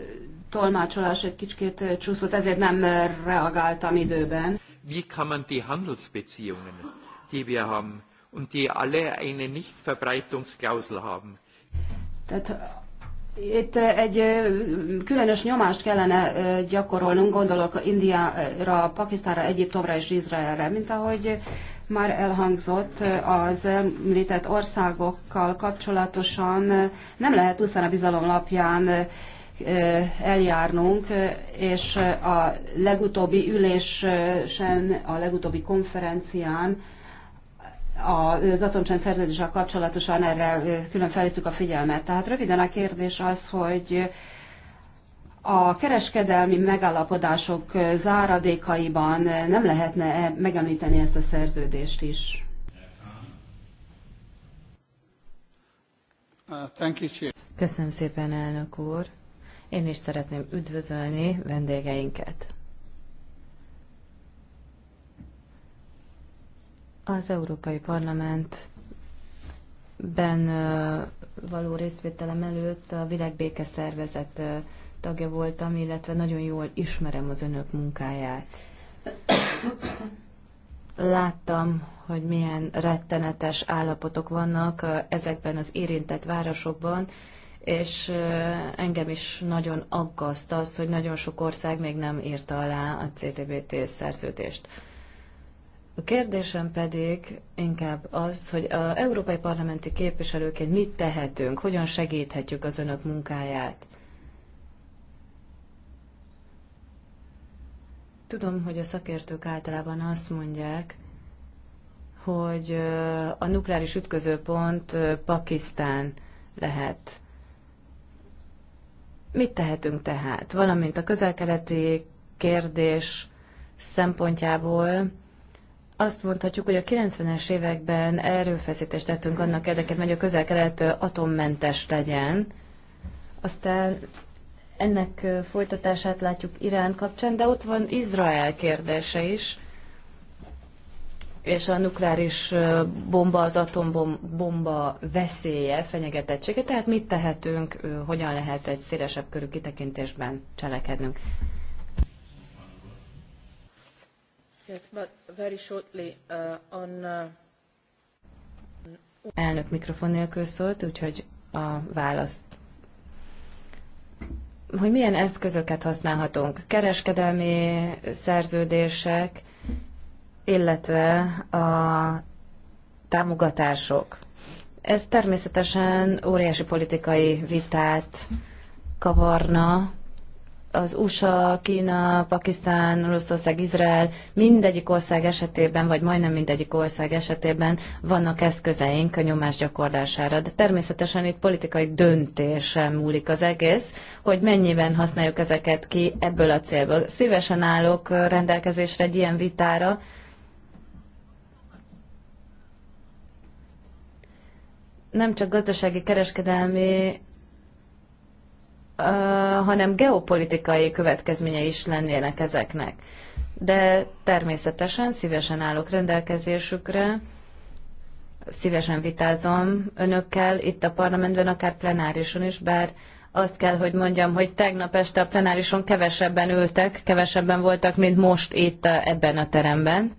tolmácsolás egy kicsit csúszott, ezért nem reagáltam időben.
Wie kann man die Handelsbeziehungen, die wir haben und die alle eine Nichtverbreitungsklausel haben?
Tehát itt egy különös nyomást kellene gyakorolnunk, gondolok Indiára, Pakisztára, Egyiptomra és Izraelre, mint ahogy már elhangzott, az említett országokkal kapcsolatosan nem lehet pusztán a bizalom lapján eljárnunk, és a legutóbbi ülésen, a legutóbbi konferencián az atomcsend szerződéssel kapcsolatosan erre külön felhívtuk a figyelmet. Tehát röviden a kérdés az, hogy a kereskedelmi megállapodások záradékaiban nem lehetne -e megemlíteni ezt a szerződést is?
Uh,
Köszönöm szépen, elnök úr.
Én is szeretném üdvözölni vendégeinket. Az Európai Parlamentben való részvételem előtt a Világbéke Szervezet tagja voltam, illetve nagyon jól ismerem az önök munkáját. Láttam, hogy milyen rettenetes állapotok vannak ezekben az érintett városokban, és engem is nagyon aggaszt az, hogy nagyon sok ország még nem írta alá a CTBT szerződést. A kérdésem pedig inkább az, hogy a európai parlamenti képviselőként mit tehetünk, hogyan segíthetjük az önök munkáját. Tudom, hogy a szakértők általában azt mondják, hogy a nukleáris ütközőpont Pakisztán lehet. Mit tehetünk tehát? Valamint a közelkeleti kérdés szempontjából azt mondhatjuk, hogy a 90-es években erőfeszítést tettünk annak érdekében, hogy a közelkelet atommentes legyen. Aztán ennek folytatását látjuk Irán kapcsán, de ott van Izrael kérdése is és a nukleáris bomba, az atombomba veszélye, fenyegetettsége. Tehát mit tehetünk, hogyan lehet egy szélesebb körű kitekintésben cselekednünk?
Yes, but very shortly, uh, on, uh...
Elnök mikrofon nélkül szólt, úgyhogy a választ hogy milyen eszközöket használhatunk. Kereskedelmi szerződések, illetve a támogatások. Ez természetesen óriási politikai vitát kavarna. Az USA, Kína, Pakisztán, Oroszország, Izrael, mindegyik ország esetében, vagy majdnem mindegyik ország esetében vannak eszközeink a nyomás gyakorlására. De természetesen itt politikai döntésen múlik az egész, hogy mennyiben használjuk ezeket ki ebből a célból. Szívesen állok rendelkezésre egy ilyen vitára, nem csak gazdasági, kereskedelmi, hanem geopolitikai következménye is lennének ezeknek. De természetesen szívesen állok rendelkezésükre, szívesen vitázom önökkel itt a parlamentben, akár plenárison is, bár azt kell, hogy mondjam, hogy tegnap este a plenárison kevesebben ültek, kevesebben voltak, mint most itt eh, ebben a teremben.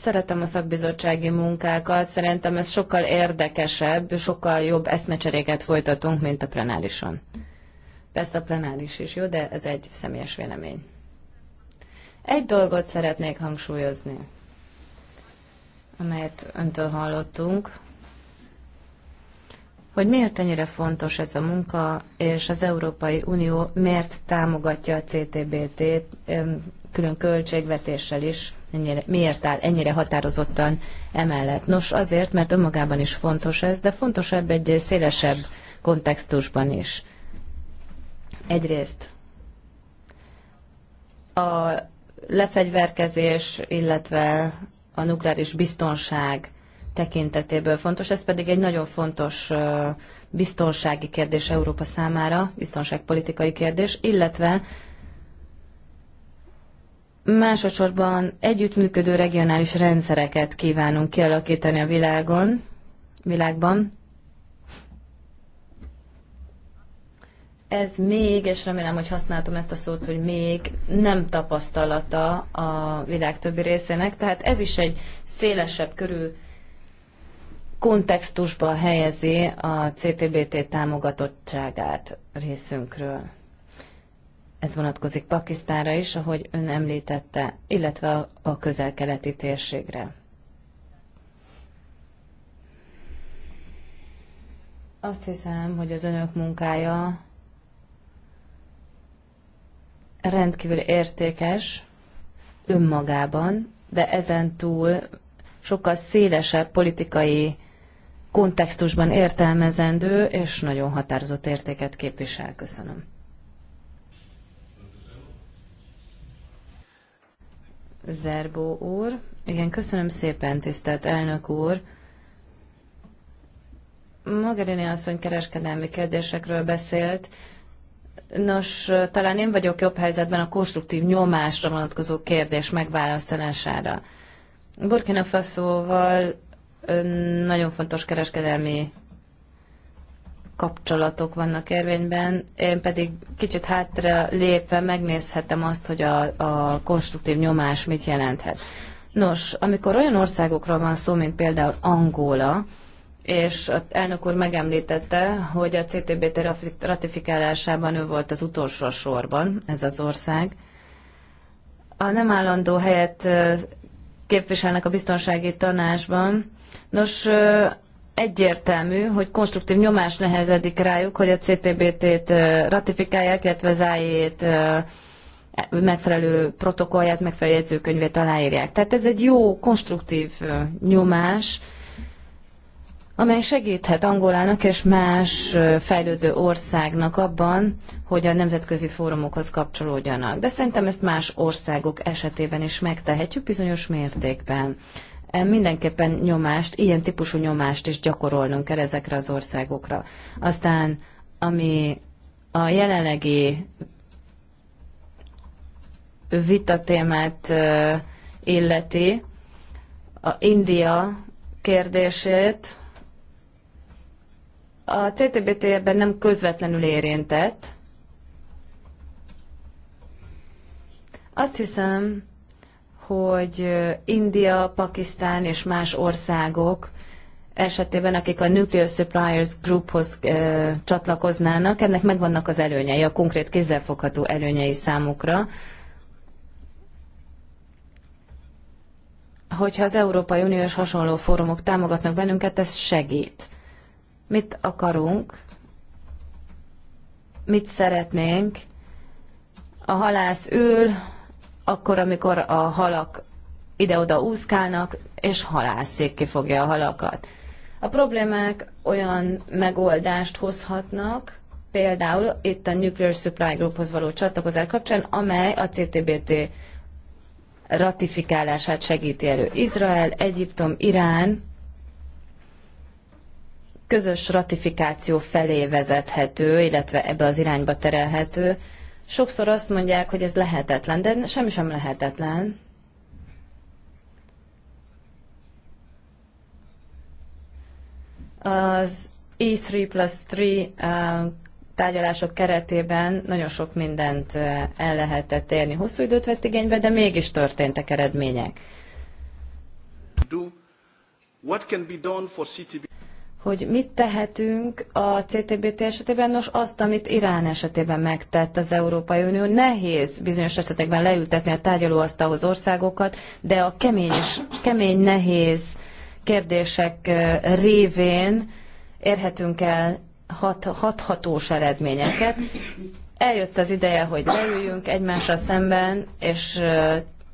Szeretem a szakbizottsági munkákat, szerintem ez sokkal érdekesebb, sokkal jobb eszmecseréket folytatunk, mint a plenárison. Persze a plenáris is jó, de ez egy személyes vélemény. Egy dolgot szeretnék hangsúlyozni, amelyet öntől hallottunk hogy miért ennyire fontos ez a munka, és az Európai Unió miért támogatja a CTBT-t külön költségvetéssel is, ennyire, miért áll ennyire határozottan emellett. Nos, azért, mert önmagában is fontos ez, de fontosabb egy szélesebb kontextusban is. Egyrészt a lefegyverkezés, illetve a nukleáris biztonság tekintetéből fontos. Ez pedig egy nagyon fontos biztonsági kérdés Európa számára, biztonságpolitikai kérdés, illetve másodszorban együttműködő regionális rendszereket kívánunk kialakítani a világon, világban. Ez még, és remélem, hogy használtam ezt a szót, hogy még nem tapasztalata a világ többi részének, tehát ez is egy szélesebb körű kontextusba helyezi a CTBT támogatottságát részünkről. Ez vonatkozik Pakisztánra is, ahogy ön említette, illetve a közel-keleti térségre. Azt hiszem, hogy az önök munkája rendkívül értékes önmagában, de ezen túl sokkal szélesebb politikai kontextusban értelmezendő, és nagyon határozott értéket képvisel. Köszönöm. Zerbó úr. Igen, köszönöm szépen, tisztelt elnök úr. Magarini asszony kereskedelmi kérdésekről beszélt. Nos, talán én vagyok jobb helyzetben a konstruktív nyomásra vonatkozó kérdés megválaszolására. Burkina Faszóval nagyon fontos kereskedelmi kapcsolatok vannak érvényben, én pedig kicsit hátra lépve megnézhetem azt, hogy a, a konstruktív nyomás mit jelenthet. Nos, amikor olyan országokról van szó, mint például Angola, és az elnök úr megemlítette, hogy a CTBT ratifikálásában ő volt az utolsó sorban, ez az ország. A nem állandó helyet képviselnek a biztonsági tanácsban, Nos, egyértelmű, hogy konstruktív nyomás nehezedik rájuk, hogy a CTBT-t ratifikálják, illetve az AI-t megfelelő protokollját, megfelelő jegyzőkönyvét aláírják. Tehát ez egy jó, konstruktív nyomás, amely segíthet Angolának és más fejlődő országnak abban, hogy a nemzetközi fórumokhoz kapcsolódjanak. De szerintem ezt más országok esetében is megtehetjük bizonyos mértékben mindenképpen nyomást, ilyen típusú nyomást is gyakorolnunk kell ezekre az országokra. Aztán, ami a jelenlegi vitatémát illeti, a India kérdését, a CTBT ben nem közvetlenül érintett. Azt hiszem, hogy India, Pakisztán és más országok esetében, akik a Nuclear Suppliers Grouphoz ö, csatlakoznának, ennek megvannak az előnyei, a konkrét kézzelfogható előnyei számukra. Hogyha az Európai Uniós hasonló fórumok támogatnak bennünket, ez segít. Mit akarunk? Mit szeretnénk? A halász ül, akkor, amikor a halak ide-oda úszkálnak, és halászik ki fogja a halakat. A problémák olyan megoldást hozhatnak, például itt a Nuclear Supply Grouphoz való csatlakozás kapcsán, amely a CTBT ratifikálását segíti elő. Izrael, Egyiptom, Irán közös ratifikáció felé vezethető, illetve ebbe az irányba terelhető, Sokszor azt mondják, hogy ez lehetetlen, de semmi sem lehetetlen. Az E3 plus 3 tárgyalások keretében nagyon sok mindent el lehetett érni. Hosszú időt vett igénybe, de mégis történtek eredmények.
Do,
what can be done for CTB?
hogy mit tehetünk a CTBT esetében, nos azt, amit Irán esetében megtett az Európai Unió. Nehéz bizonyos esetekben leültetni a tárgyalóasztalhoz országokat, de a kemény, és, kemény nehéz kérdések révén érhetünk el hat, hathatós eredményeket. Eljött az ideje, hogy leüljünk egymásra szemben, és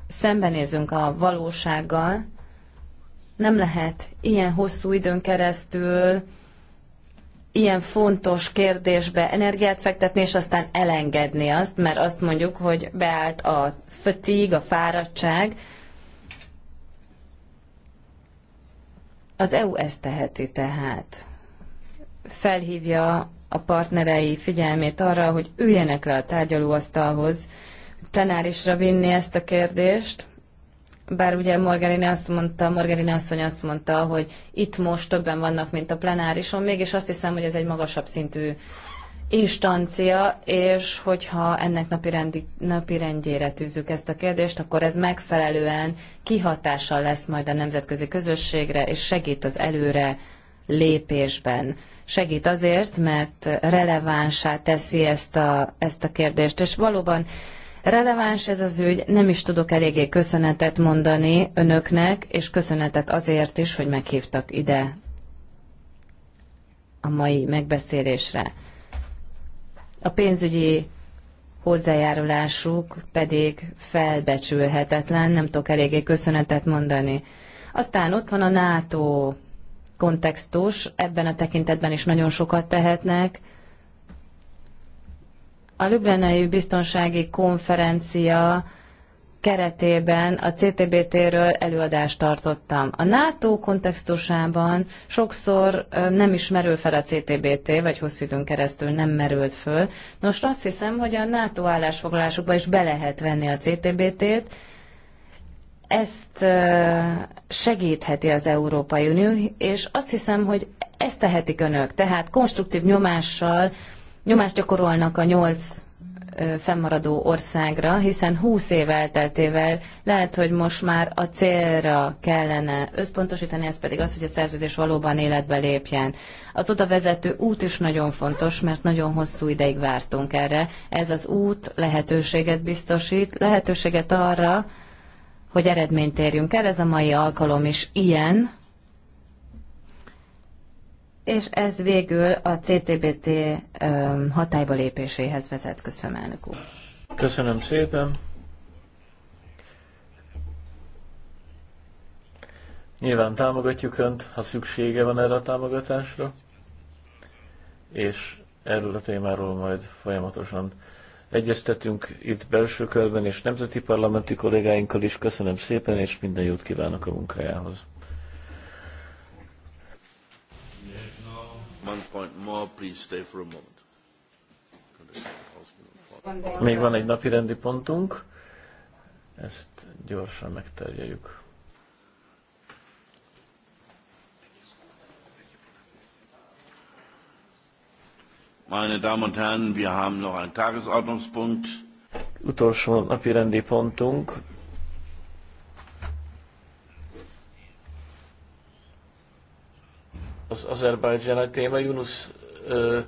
szembenézünk a valósággal, nem lehet ilyen hosszú időn keresztül ilyen fontos kérdésbe energiát fektetni, és aztán elengedni azt, mert azt mondjuk, hogy beállt a fatigue, a fáradtság. Az EU ezt teheti tehát. Felhívja a partnerei figyelmét arra, hogy üljenek le a tárgyalóasztalhoz, plenárisra vinni ezt a kérdést, bár ugye Margarine azt mondta, Margarine asszony azt mondta, hogy itt most többen vannak, mint a plenárison, mégis azt hiszem, hogy ez egy magasabb szintű instancia, és hogyha ennek napirendi, napirendjére tűzzük ezt a kérdést, akkor ez megfelelően kihatással lesz majd a nemzetközi közösségre, és segít az előre lépésben. Segít azért, mert relevánsá teszi ezt a, ezt a kérdést. És valóban Releváns ez az ügy, nem is tudok eléggé köszönetet mondani önöknek, és köszönetet azért is, hogy meghívtak ide a mai megbeszélésre. A pénzügyi hozzájárulásuk pedig felbecsülhetetlen, nem tudok eléggé köszönetet mondani. Aztán ott van a NATO kontextus, ebben a tekintetben is nagyon sokat tehetnek, a Lübbenei Biztonsági Konferencia keretében a CTBT-ről előadást tartottam. A NATO kontextusában sokszor nem is merül fel a CTBT, vagy hosszú időn keresztül nem merült föl. Nos, azt hiszem, hogy a NATO állásfoglalásukba is be lehet venni a CTBT-t, ezt segítheti az Európai Unió, és azt hiszem, hogy ezt tehetik önök. Tehát konstruktív nyomással nyomást gyakorolnak a nyolc fennmaradó országra, hiszen 20 év elteltével lehet, hogy most már a célra kellene összpontosítani, ez pedig az, hogy a szerződés valóban életbe lépjen. Az oda vezető út is nagyon fontos, mert nagyon hosszú ideig vártunk erre. Ez az út lehetőséget biztosít, lehetőséget arra, hogy eredményt érjünk el. Ez a mai alkalom is ilyen, és ez végül a CTBT hatályba lépéséhez vezet. Köszönöm, elnök úr.
Köszönöm szépen. Nyilván támogatjuk Önt, ha szüksége van erre a támogatásra, és erről a témáról majd folyamatosan egyeztetünk itt belső körben, és nemzeti parlamenti kollégáinkkal is. Köszönöm szépen, és minden jót kívánok a munkájához. One point more, please stay for a moment. Még van egy napi rendi pontunk, ezt gyorsan megterjeljük. Meine Damen und Herren, wir haben noch einen Tagesordnungspunkt. Utolsó napi rendi pontunk, az azerbajdzsáni téma. Yunus ö,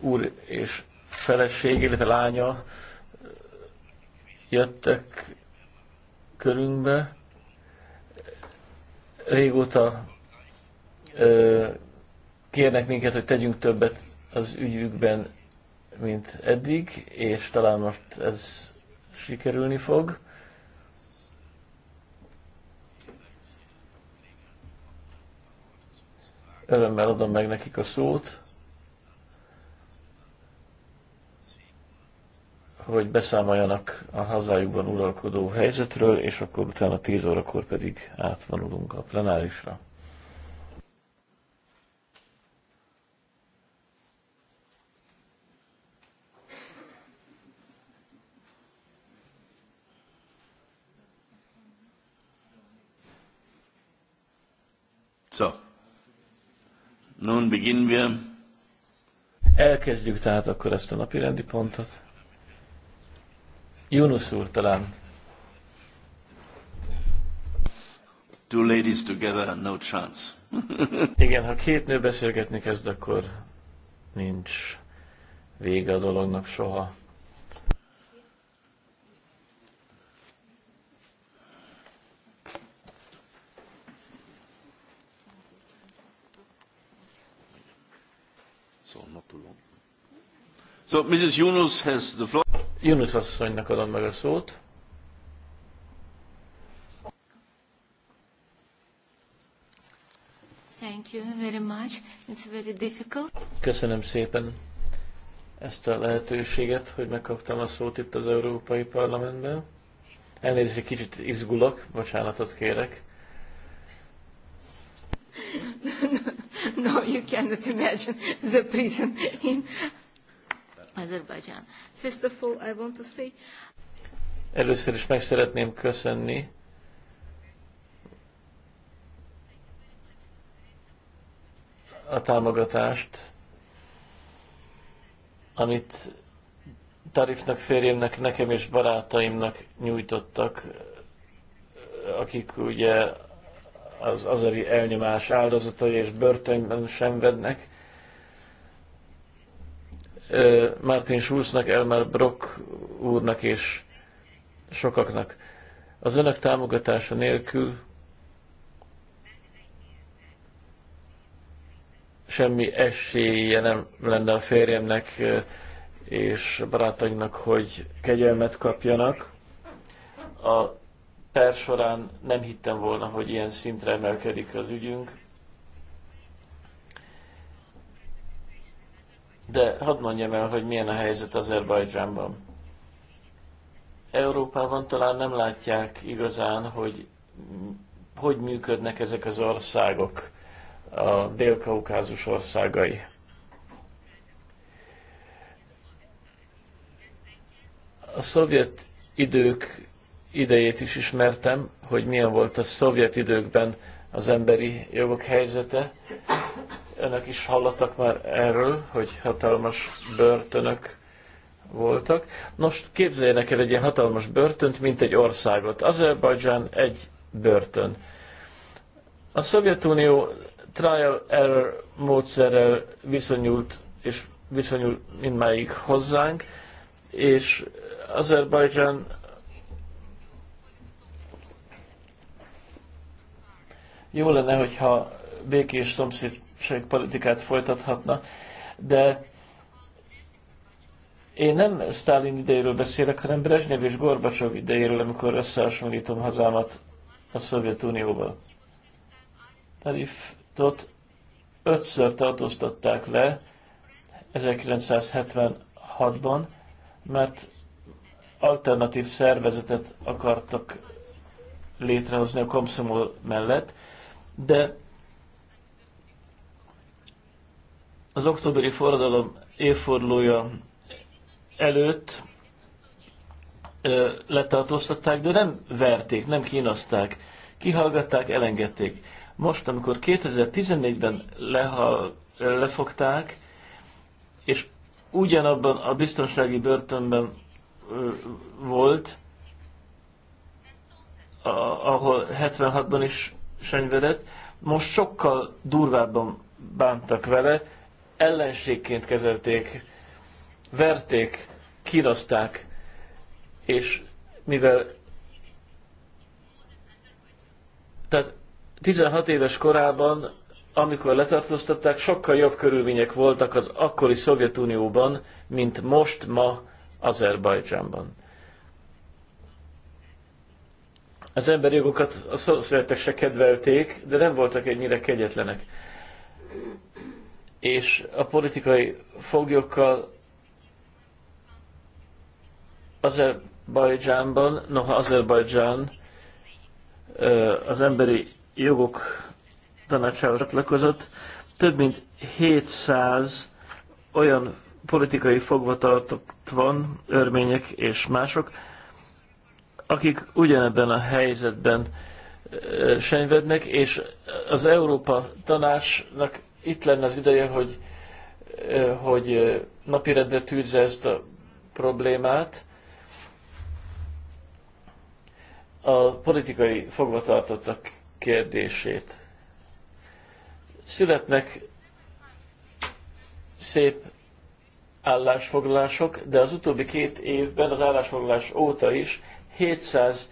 úr és feleség, illetve lánya jöttek körünkbe. Régóta ö, kérnek minket, hogy tegyünk többet az ügyükben, mint eddig, és talán most ez sikerülni fog. Örömmel adom meg nekik a szót, hogy beszámoljanak a hazájukban uralkodó helyzetről, és akkor utána 10 órakor pedig átvonulunk a plenárisra. So. Nun beginnen wir. Elkezdjük tehát akkor ezt a napi rendi pontot. Yunus úr talán. Two ladies together, no chance. Igen, ha két nő beszélgetni kezd, akkor nincs vége a dolognak soha. So, Mrs. Yunus has the floor. Yunus asszonynak adom meg a szót. Thank you very much. It's very difficult. Köszönöm szépen ezt a lehetőséget, hogy megkaptam a szót itt az Európai Parlamentben. Elnézést, egy kicsit izgulok, bocsánatot kérek. No, no, no, you cannot imagine the prison
in Azerbaijan. First of all, I want to say...
Először is meg szeretném köszönni a támogatást, amit Tarifnak, férjemnek, nekem és barátaimnak nyújtottak, akik ugye az azeri elnyomás áldozatai és börtönben sem vednek. Martin Schulznak, Elmar Brock úrnak és sokaknak. Az önök támogatása nélkül semmi esélye nem lenne a férjemnek és a barátainak, hogy kegyelmet kapjanak. A per során nem hittem volna, hogy ilyen szintre emelkedik az ügyünk. De hadd mondjam el, hogy milyen a helyzet Azerbajdzsánban. Európában talán nem látják igazán, hogy hogy működnek ezek az országok, a dél-kaukázus országai. A szovjet idők idejét is ismertem, hogy milyen volt a szovjet időkben az emberi jogok helyzete, önök is hallottak már erről, hogy hatalmas börtönök voltak. Nos, képzeljenek el egy ilyen hatalmas börtönt, mint egy országot. Azerbajdzsán egy börtön. A Szovjetunió trial error módszerrel viszonyult, és viszonyul mindmáig hozzánk, és Azerbajdzsán jó lenne, hogyha békés szomszéd politikát folytathatna, de én nem Stalin idejéről beszélek, hanem Brezsnyev és Gorbacsov idejéről, amikor összehasonlítom hazámat a Szovjetunióval. Tarifot ötször tartóztatták le 1976-ban, mert alternatív szervezetet akartak létrehozni a komszomol mellett, de az októberi forradalom évfordulója előtt ö, letartóztatták, de nem verték, nem kínozták, kihallgatták, elengedték. Most, amikor 2014-ben lehal, lefogták, és ugyanabban a biztonsági börtönben ö, volt, a, ahol 76-ban is senyvedett, most sokkal durvábban bántak vele, ellenségként kezelték, verték, kínozták, és mivel tehát 16 éves korában, amikor letartóztatták, sokkal jobb körülmények voltak az akkori Szovjetunióban, mint most ma Azerbajdzsánban. Az emberi jogokat a szovjetek se kedvelték, de nem voltak ennyire kegyetlenek és a politikai foglyokkal Azerbajdzsánban, noha Azerbajdzsán az emberi jogok tanácsához csatlakozott, több mint 700 olyan politikai fogvatartott van, örmények és mások, akik ugyanebben a helyzetben senyvednek, és az Európa Tanácsnak itt lenne az ideje, hogy, hogy napirendre tűzze ezt a problémát. A politikai fogvatartottak kérdését. Születnek szép állásfoglalások, de az utóbbi két évben, az állásfoglalás óta is 700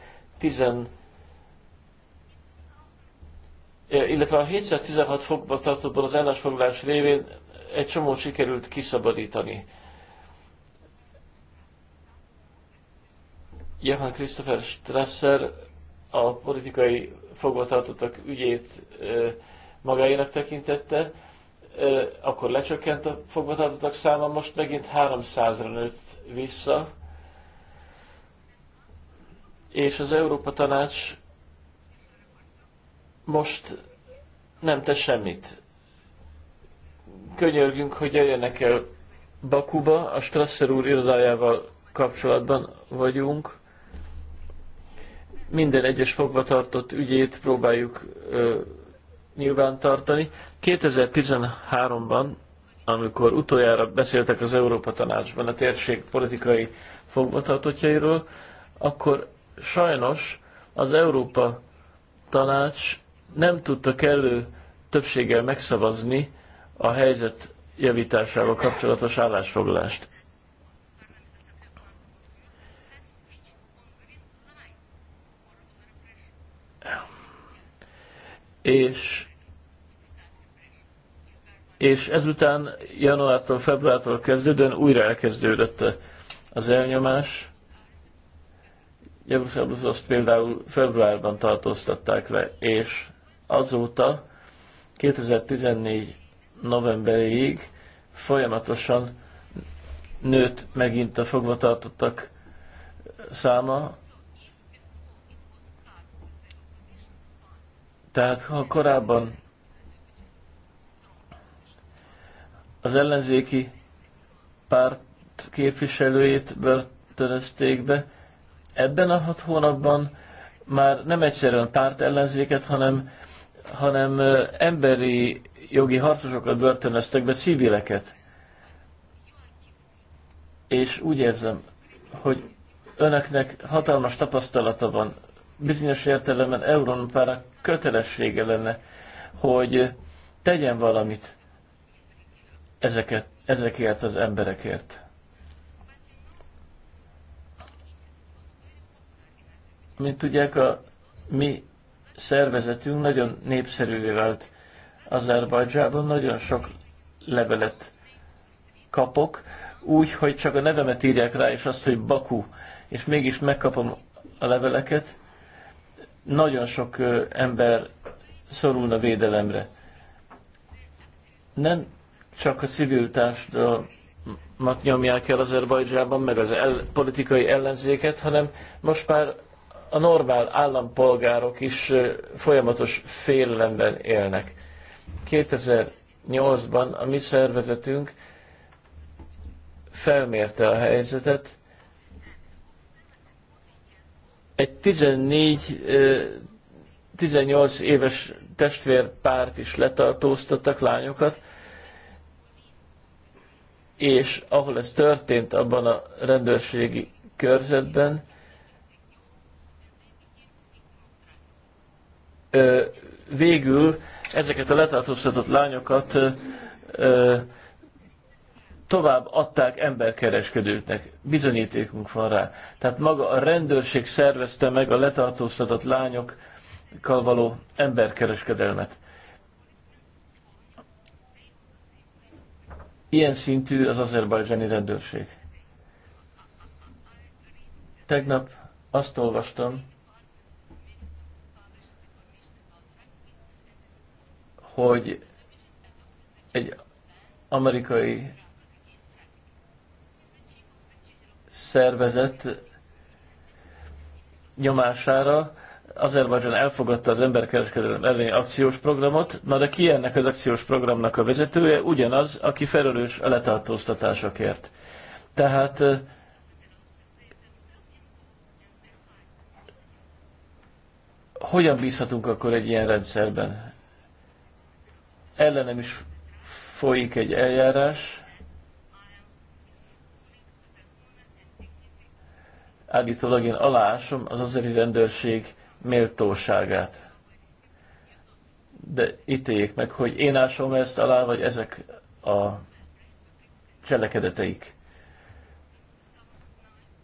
illetve a 716 fokba tartóban az állásfoglalás révén egy csomót sikerült kiszabadítani. Johann Christopher Strasser a politikai fogvatartottak ügyét magáénak tekintette, akkor lecsökkent a fogvatartottak száma, most megint 300-ra nőtt vissza, és az Európa Tanács most nem tesz semmit. Könyörgünk, hogy jöjjenek el Bakuba, a Strasser úr irodájával kapcsolatban vagyunk. Minden egyes fogvatartott ügyét próbáljuk ö, nyilván tartani. 2013-ban, amikor utoljára beszéltek az Európa Tanácsban a térség politikai fogvatartottjairól, akkor sajnos az Európa Tanács nem tudta kellő többséggel megszavazni a helyzet javításával kapcsolatos állásfoglalást. És, és ezután januártól, februártól kezdődően újra elkezdődött az elnyomás. Jeruzsálemot azt például februárban tartóztatták le, és azóta 2014 novemberéig folyamatosan nőtt megint a fogvatartottak száma. Tehát ha korábban az ellenzéki párt képviselőjét börtönözték be, ebben a hat hónapban már nem egyszerűen párt ellenzéket, hanem hanem emberi jogi harcosokat börtönöztek be, civileket. És úgy érzem, hogy önöknek hatalmas tapasztalata van, bizonyos értelemben Európának kötelessége lenne, hogy tegyen valamit ezeket, ezekért az emberekért. Mint tudják, a mi szervezetünk nagyon népszerűvé vált Azerbajdzsában, nagyon sok levelet kapok, úgy, hogy csak a nevemet írják rá, és azt, hogy Baku, és mégis megkapom a leveleket. Nagyon sok ember szorulna védelemre. Nem csak a civil társadalmat nyomják el Azerbajdzsában, meg az el, politikai ellenzéket, hanem most már a normál állampolgárok is folyamatos félelemben élnek. 2008-ban a mi szervezetünk felmérte a helyzetet, egy 14-18 éves testvérpárt is letartóztattak lányokat, és ahol ez történt abban a rendőrségi körzetben, végül ezeket a letartóztatott lányokat tovább adták emberkereskedőknek. Bizonyítékunk van rá. Tehát maga a rendőrség szervezte meg a letartóztatott lányokkal való emberkereskedelmet. Ilyen szintű az azerbajdzsáni rendőrség. Tegnap azt olvastam, hogy egy amerikai szervezet nyomására Azerbajdzsán elfogadta az emberkereskedelem elleni akciós programot, na de ki ennek az akciós programnak a vezetője? Ugyanaz, aki felelős a letartóztatásokért. Tehát hogyan bízhatunk akkor egy ilyen rendszerben? ellenem is folyik egy eljárás. Állítólag én alásom az azeri rendőrség méltóságát. De ítéljék meg, hogy én ásom ezt alá, vagy ezek a cselekedeteik.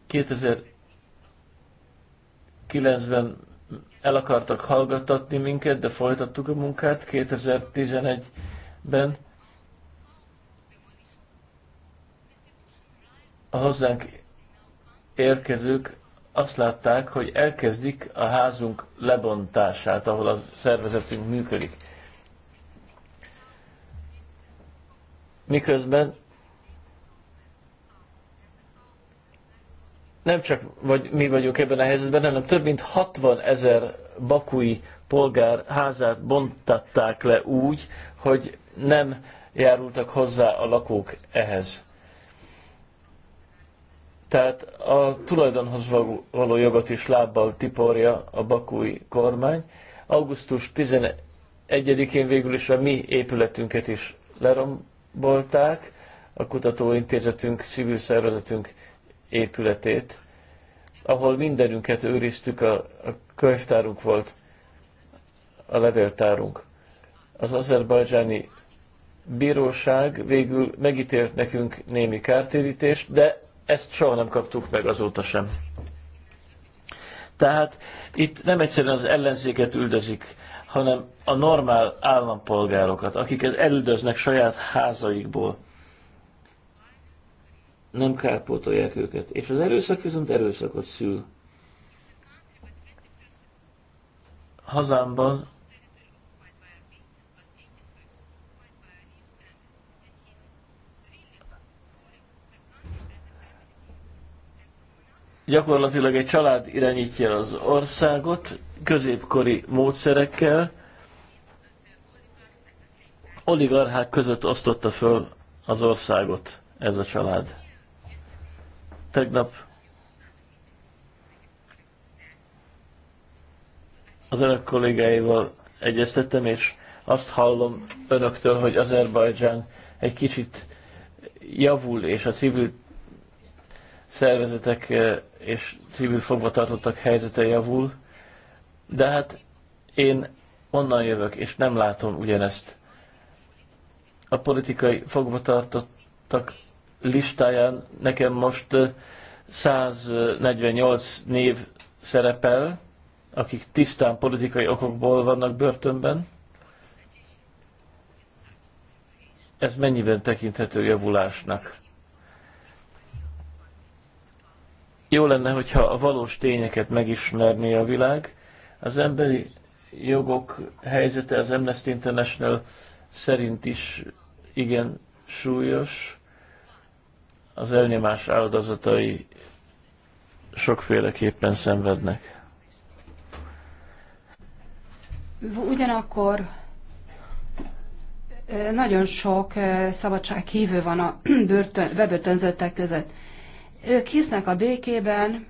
2009-ben el akartak hallgatatni minket, de folytattuk a munkát 2011-ben. A hozzánk érkezők azt látták, hogy elkezdik a házunk lebontását, ahol a szervezetünk működik. Miközben nem csak vagy, mi vagyunk ebben a helyzetben, hanem több mint 60 ezer bakui polgár házát bontatták le úgy, hogy nem járultak hozzá a lakók ehhez. Tehát a tulajdonhoz való jogot is lábbal tiporja a bakúi kormány. Augusztus 11-én végül is a mi épületünket is lerombolták, a kutatóintézetünk, civil szervezetünk épületét, ahol mindenünket őriztük, a, a könyvtárunk volt, a levéltárunk. Az azerbajdzsáni bíróság végül megítélt nekünk némi kártérítést, de ezt soha nem kaptuk meg azóta sem. Tehát itt nem egyszerűen az ellenzéket üldözik, hanem a normál állampolgárokat, akiket elüldöznek saját házaikból nem kárpótolják őket. És az erőszak viszont erőszakot szül. Hazámban gyakorlatilag egy család irányítja az országot középkori módszerekkel, oligarchák között osztotta föl az országot ez a család. Tegnap az önök kollégáival egyeztettem, és azt hallom önöktől, hogy Azerbajdzsán egy kicsit javul, és a civil szervezetek eh, és civil fogvatartottak helyzete javul, de hát én onnan jövök, és nem látom ugyanezt. A politikai fogvatartottak listáján nekem most 148 név szerepel, akik tisztán politikai okokból vannak börtönben. Ez mennyiben tekinthető javulásnak? Jó lenne, hogyha a valós tényeket megismerné a világ. Az emberi jogok helyzete az Amnesty International szerint is igen súlyos az elnyomás áldozatai sokféleképpen szenvednek.
Ugyanakkor nagyon sok szabadsághívő van a börtön, bebörtönzöttek között. Ők hisznek a békében,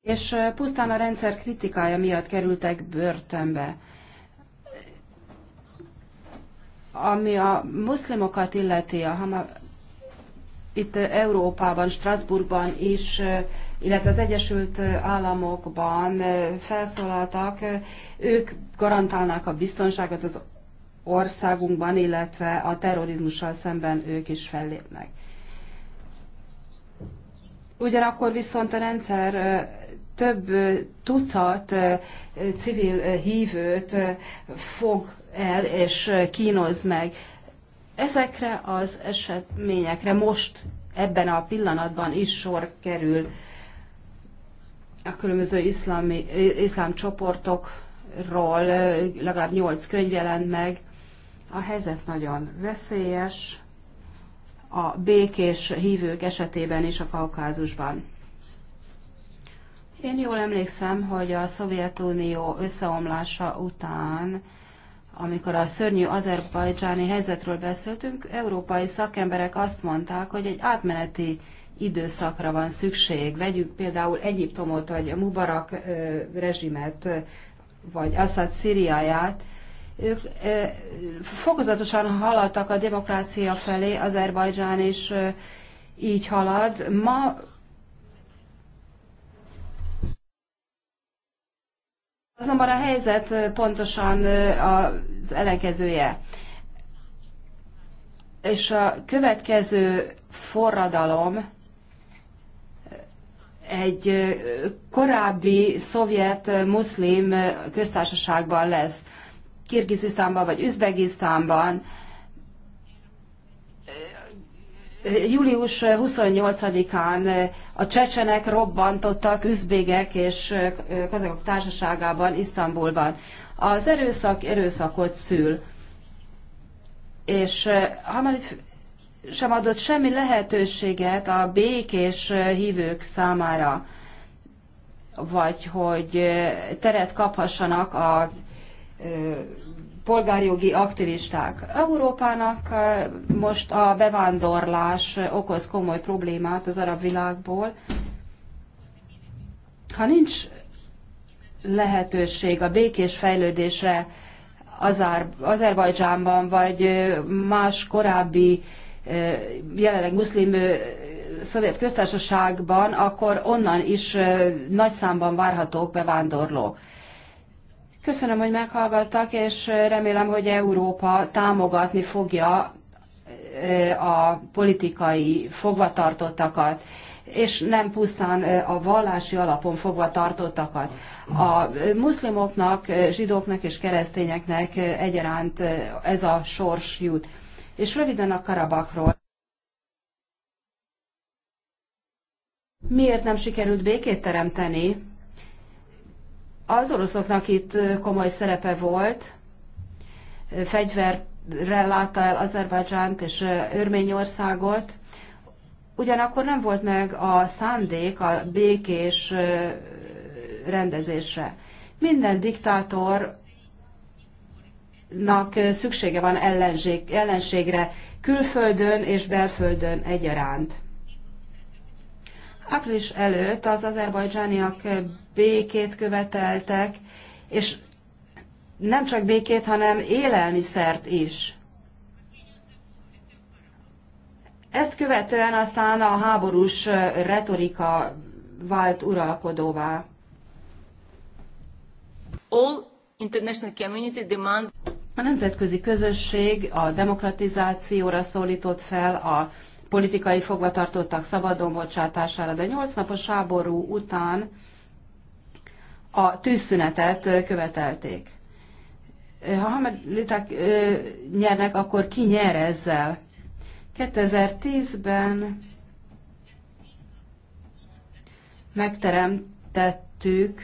és pusztán a rendszer kritikája miatt kerültek börtönbe. Ami a muszlimokat illeti, a Hama, itt Európában, Strasbourgban is, illetve az Egyesült Államokban felszólaltak, ők garantálnák a biztonságot az országunkban, illetve a terrorizmussal szemben ők is fellépnek. Ugyanakkor viszont a rendszer több tucat civil hívőt fog el és kínoz meg. Ezekre az eseményekre most ebben a pillanatban is sor kerül a különböző iszlami, iszlám csoportokról legalább nyolc könyv jelent meg. A helyzet nagyon veszélyes, a békés hívők esetében is a Kaukázusban. Én jól emlékszem, hogy a Szovjetunió összeomlása után amikor a szörnyű azerbajdzsáni helyzetről beszéltünk, európai szakemberek azt mondták, hogy egy átmeneti időszakra van szükség. Vegyük például Egyiptomot, vagy a Mubarak rezsimet, vagy Assad Szíriáját. Ők fokozatosan haladtak a demokrácia felé, Azerbajdzsán is így halad. Ma Azonban a helyzet pontosan az ellenkezője. És a következő forradalom egy korábbi szovjet muszlim köztársaságban lesz, Kirgizisztánban vagy Üzbegisztánban, Július 28-án a csecsenek robbantottak üzbégek és kazakok társaságában, Isztambulban. Az erőszak erőszakot szül, és Hamalit sem adott semmi lehetőséget a békés hívők számára, vagy hogy teret kaphassanak a polgárjogi aktivisták. Európának most a bevándorlás okoz komoly problémát az arab világból. Ha nincs lehetőség a békés fejlődésre Azár, Azerbajdzsánban, vagy más korábbi jelenleg muszlim szovjet köztársaságban, akkor onnan is nagy számban várhatók bevándorlók. Köszönöm, hogy meghallgattak, és remélem, hogy Európa támogatni fogja eh, a politikai fogvatartottakat, és nem pusztán eh, a vallási alapon fogvatartottakat. A eh, muszlimoknak, zsidóknak és keresztényeknek egyaránt ez a sors jut. És röviden a Karabakról. Miért nem sikerült békét teremteni? Az oroszoknak itt komoly szerepe volt, fegyverrel látta el Azerbajdzsánt és Örményországot, ugyanakkor nem volt meg a szándék a békés rendezésre. Minden diktátornak szüksége van ellenség, ellenségre külföldön és belföldön egyaránt. Április előtt az azerbajdzsániak békét követeltek, és nem csak békét, hanem élelmiszert is. Ezt követően aztán a háborús retorika vált uralkodóvá. All international community demand a nemzetközi közösség a demokratizációra szólított fel, a politikai fogvatartottak szabadon bocsátására, de nyolc napos háború után a tűzszünetet követelték. Ha hameliták nyernek, akkor ki nyer ezzel? 2010-ben megteremtettük,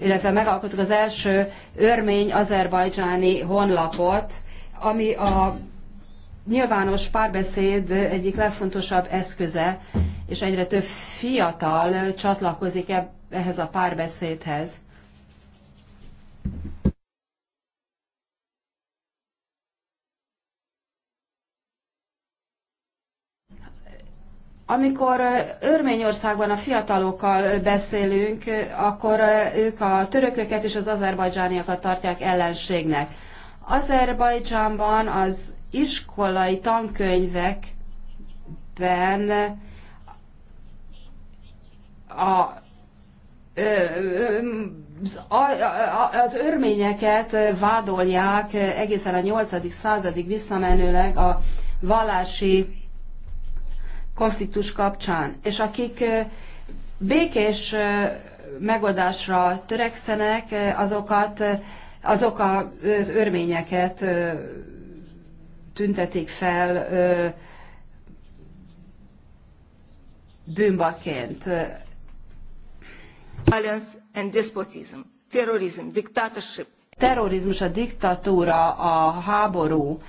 illetve megalkottuk az első örmény-azerbajdzsáni honlapot, ami a nyilvános párbeszéd egyik legfontosabb eszköze, és egyre több fiatal csatlakozik ehhez a párbeszédhez. Amikor Örményországban a fiatalokkal beszélünk, akkor ők a törököket és az azerbajdzsániakat tartják ellenségnek. Azerbajdzsánban az iskolai tankönyvekben a, az örményeket vádolják egészen a 8. századig visszamenőleg a vallási konfliktus kapcsán. És akik békés megoldásra törekszenek, azokat, azok az örményeket tüntetik fel bűnbakként. Violence and despotism, terrorism, dictatorship. Terrorizmus, a diktatúra, a háború,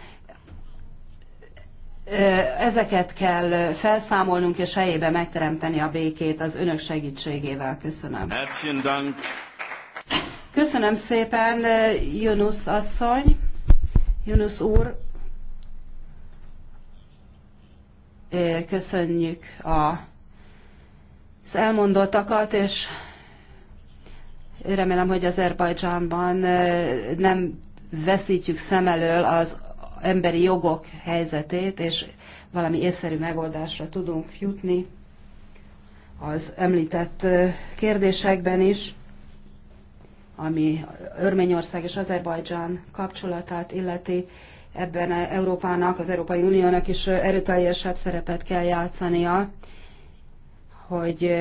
ezeket kell felszámolnunk és helyébe megteremteni a békét az önök segítségével. Köszönöm. Köszönöm szépen, Jönusz asszony, Jönusz úr. Eh, köszönjük a az elmondottakat, és remélem, hogy Azerbajdzsánban eh, nem veszítjük szem elől az emberi jogok helyzetét, és valami észszerű megoldásra tudunk jutni az említett eh, kérdésekben is, ami Örményország és Azerbajdzsán kapcsolatát illeti ebben Európának, az Európai Uniónak is erőteljesebb szerepet kell játszania, hogy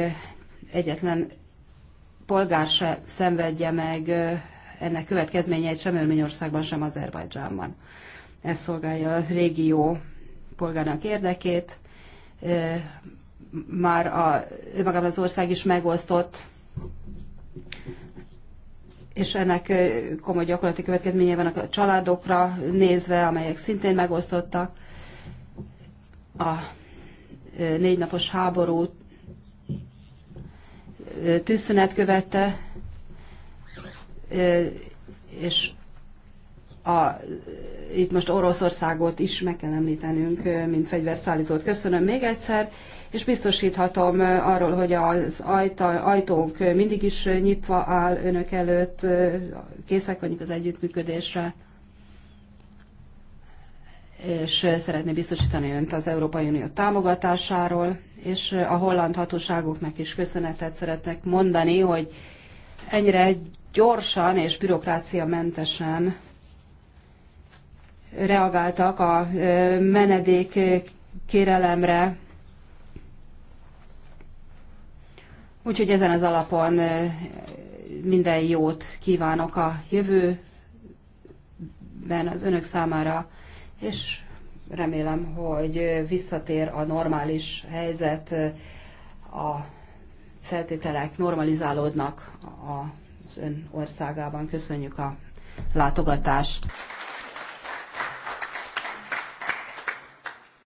egyetlen polgár se szenvedje meg ennek következményeit sem Örményországban, sem Azerbajdzsánban. Ez szolgálja a régió polgárnak érdekét. Már a, önmagában az ország is megosztott, és ennek komoly gyakorlati következménye van a családokra nézve, amelyek szintén megosztottak. A négy napos háború tűzszünet követte, és a, itt most Oroszországot is meg kell említenünk, mint fegyverszállítót. Köszönöm még egyszer, és biztosíthatom arról, hogy az ajta, ajtónk mindig is nyitva áll önök előtt, készek vagyunk az együttműködésre, és szeretné biztosítani önt az Európai Unió támogatásáról, és a holland hatóságoknak is köszönetet szeretnek mondani, hogy ennyire gyorsan és bürokráciamentesen reagáltak a menedék kérelemre, Úgyhogy ezen az alapon minden jót kívánok a jövőben az önök számára, és remélem, hogy visszatér a normális helyzet, a feltételek normalizálódnak az ön országában. Köszönjük a látogatást!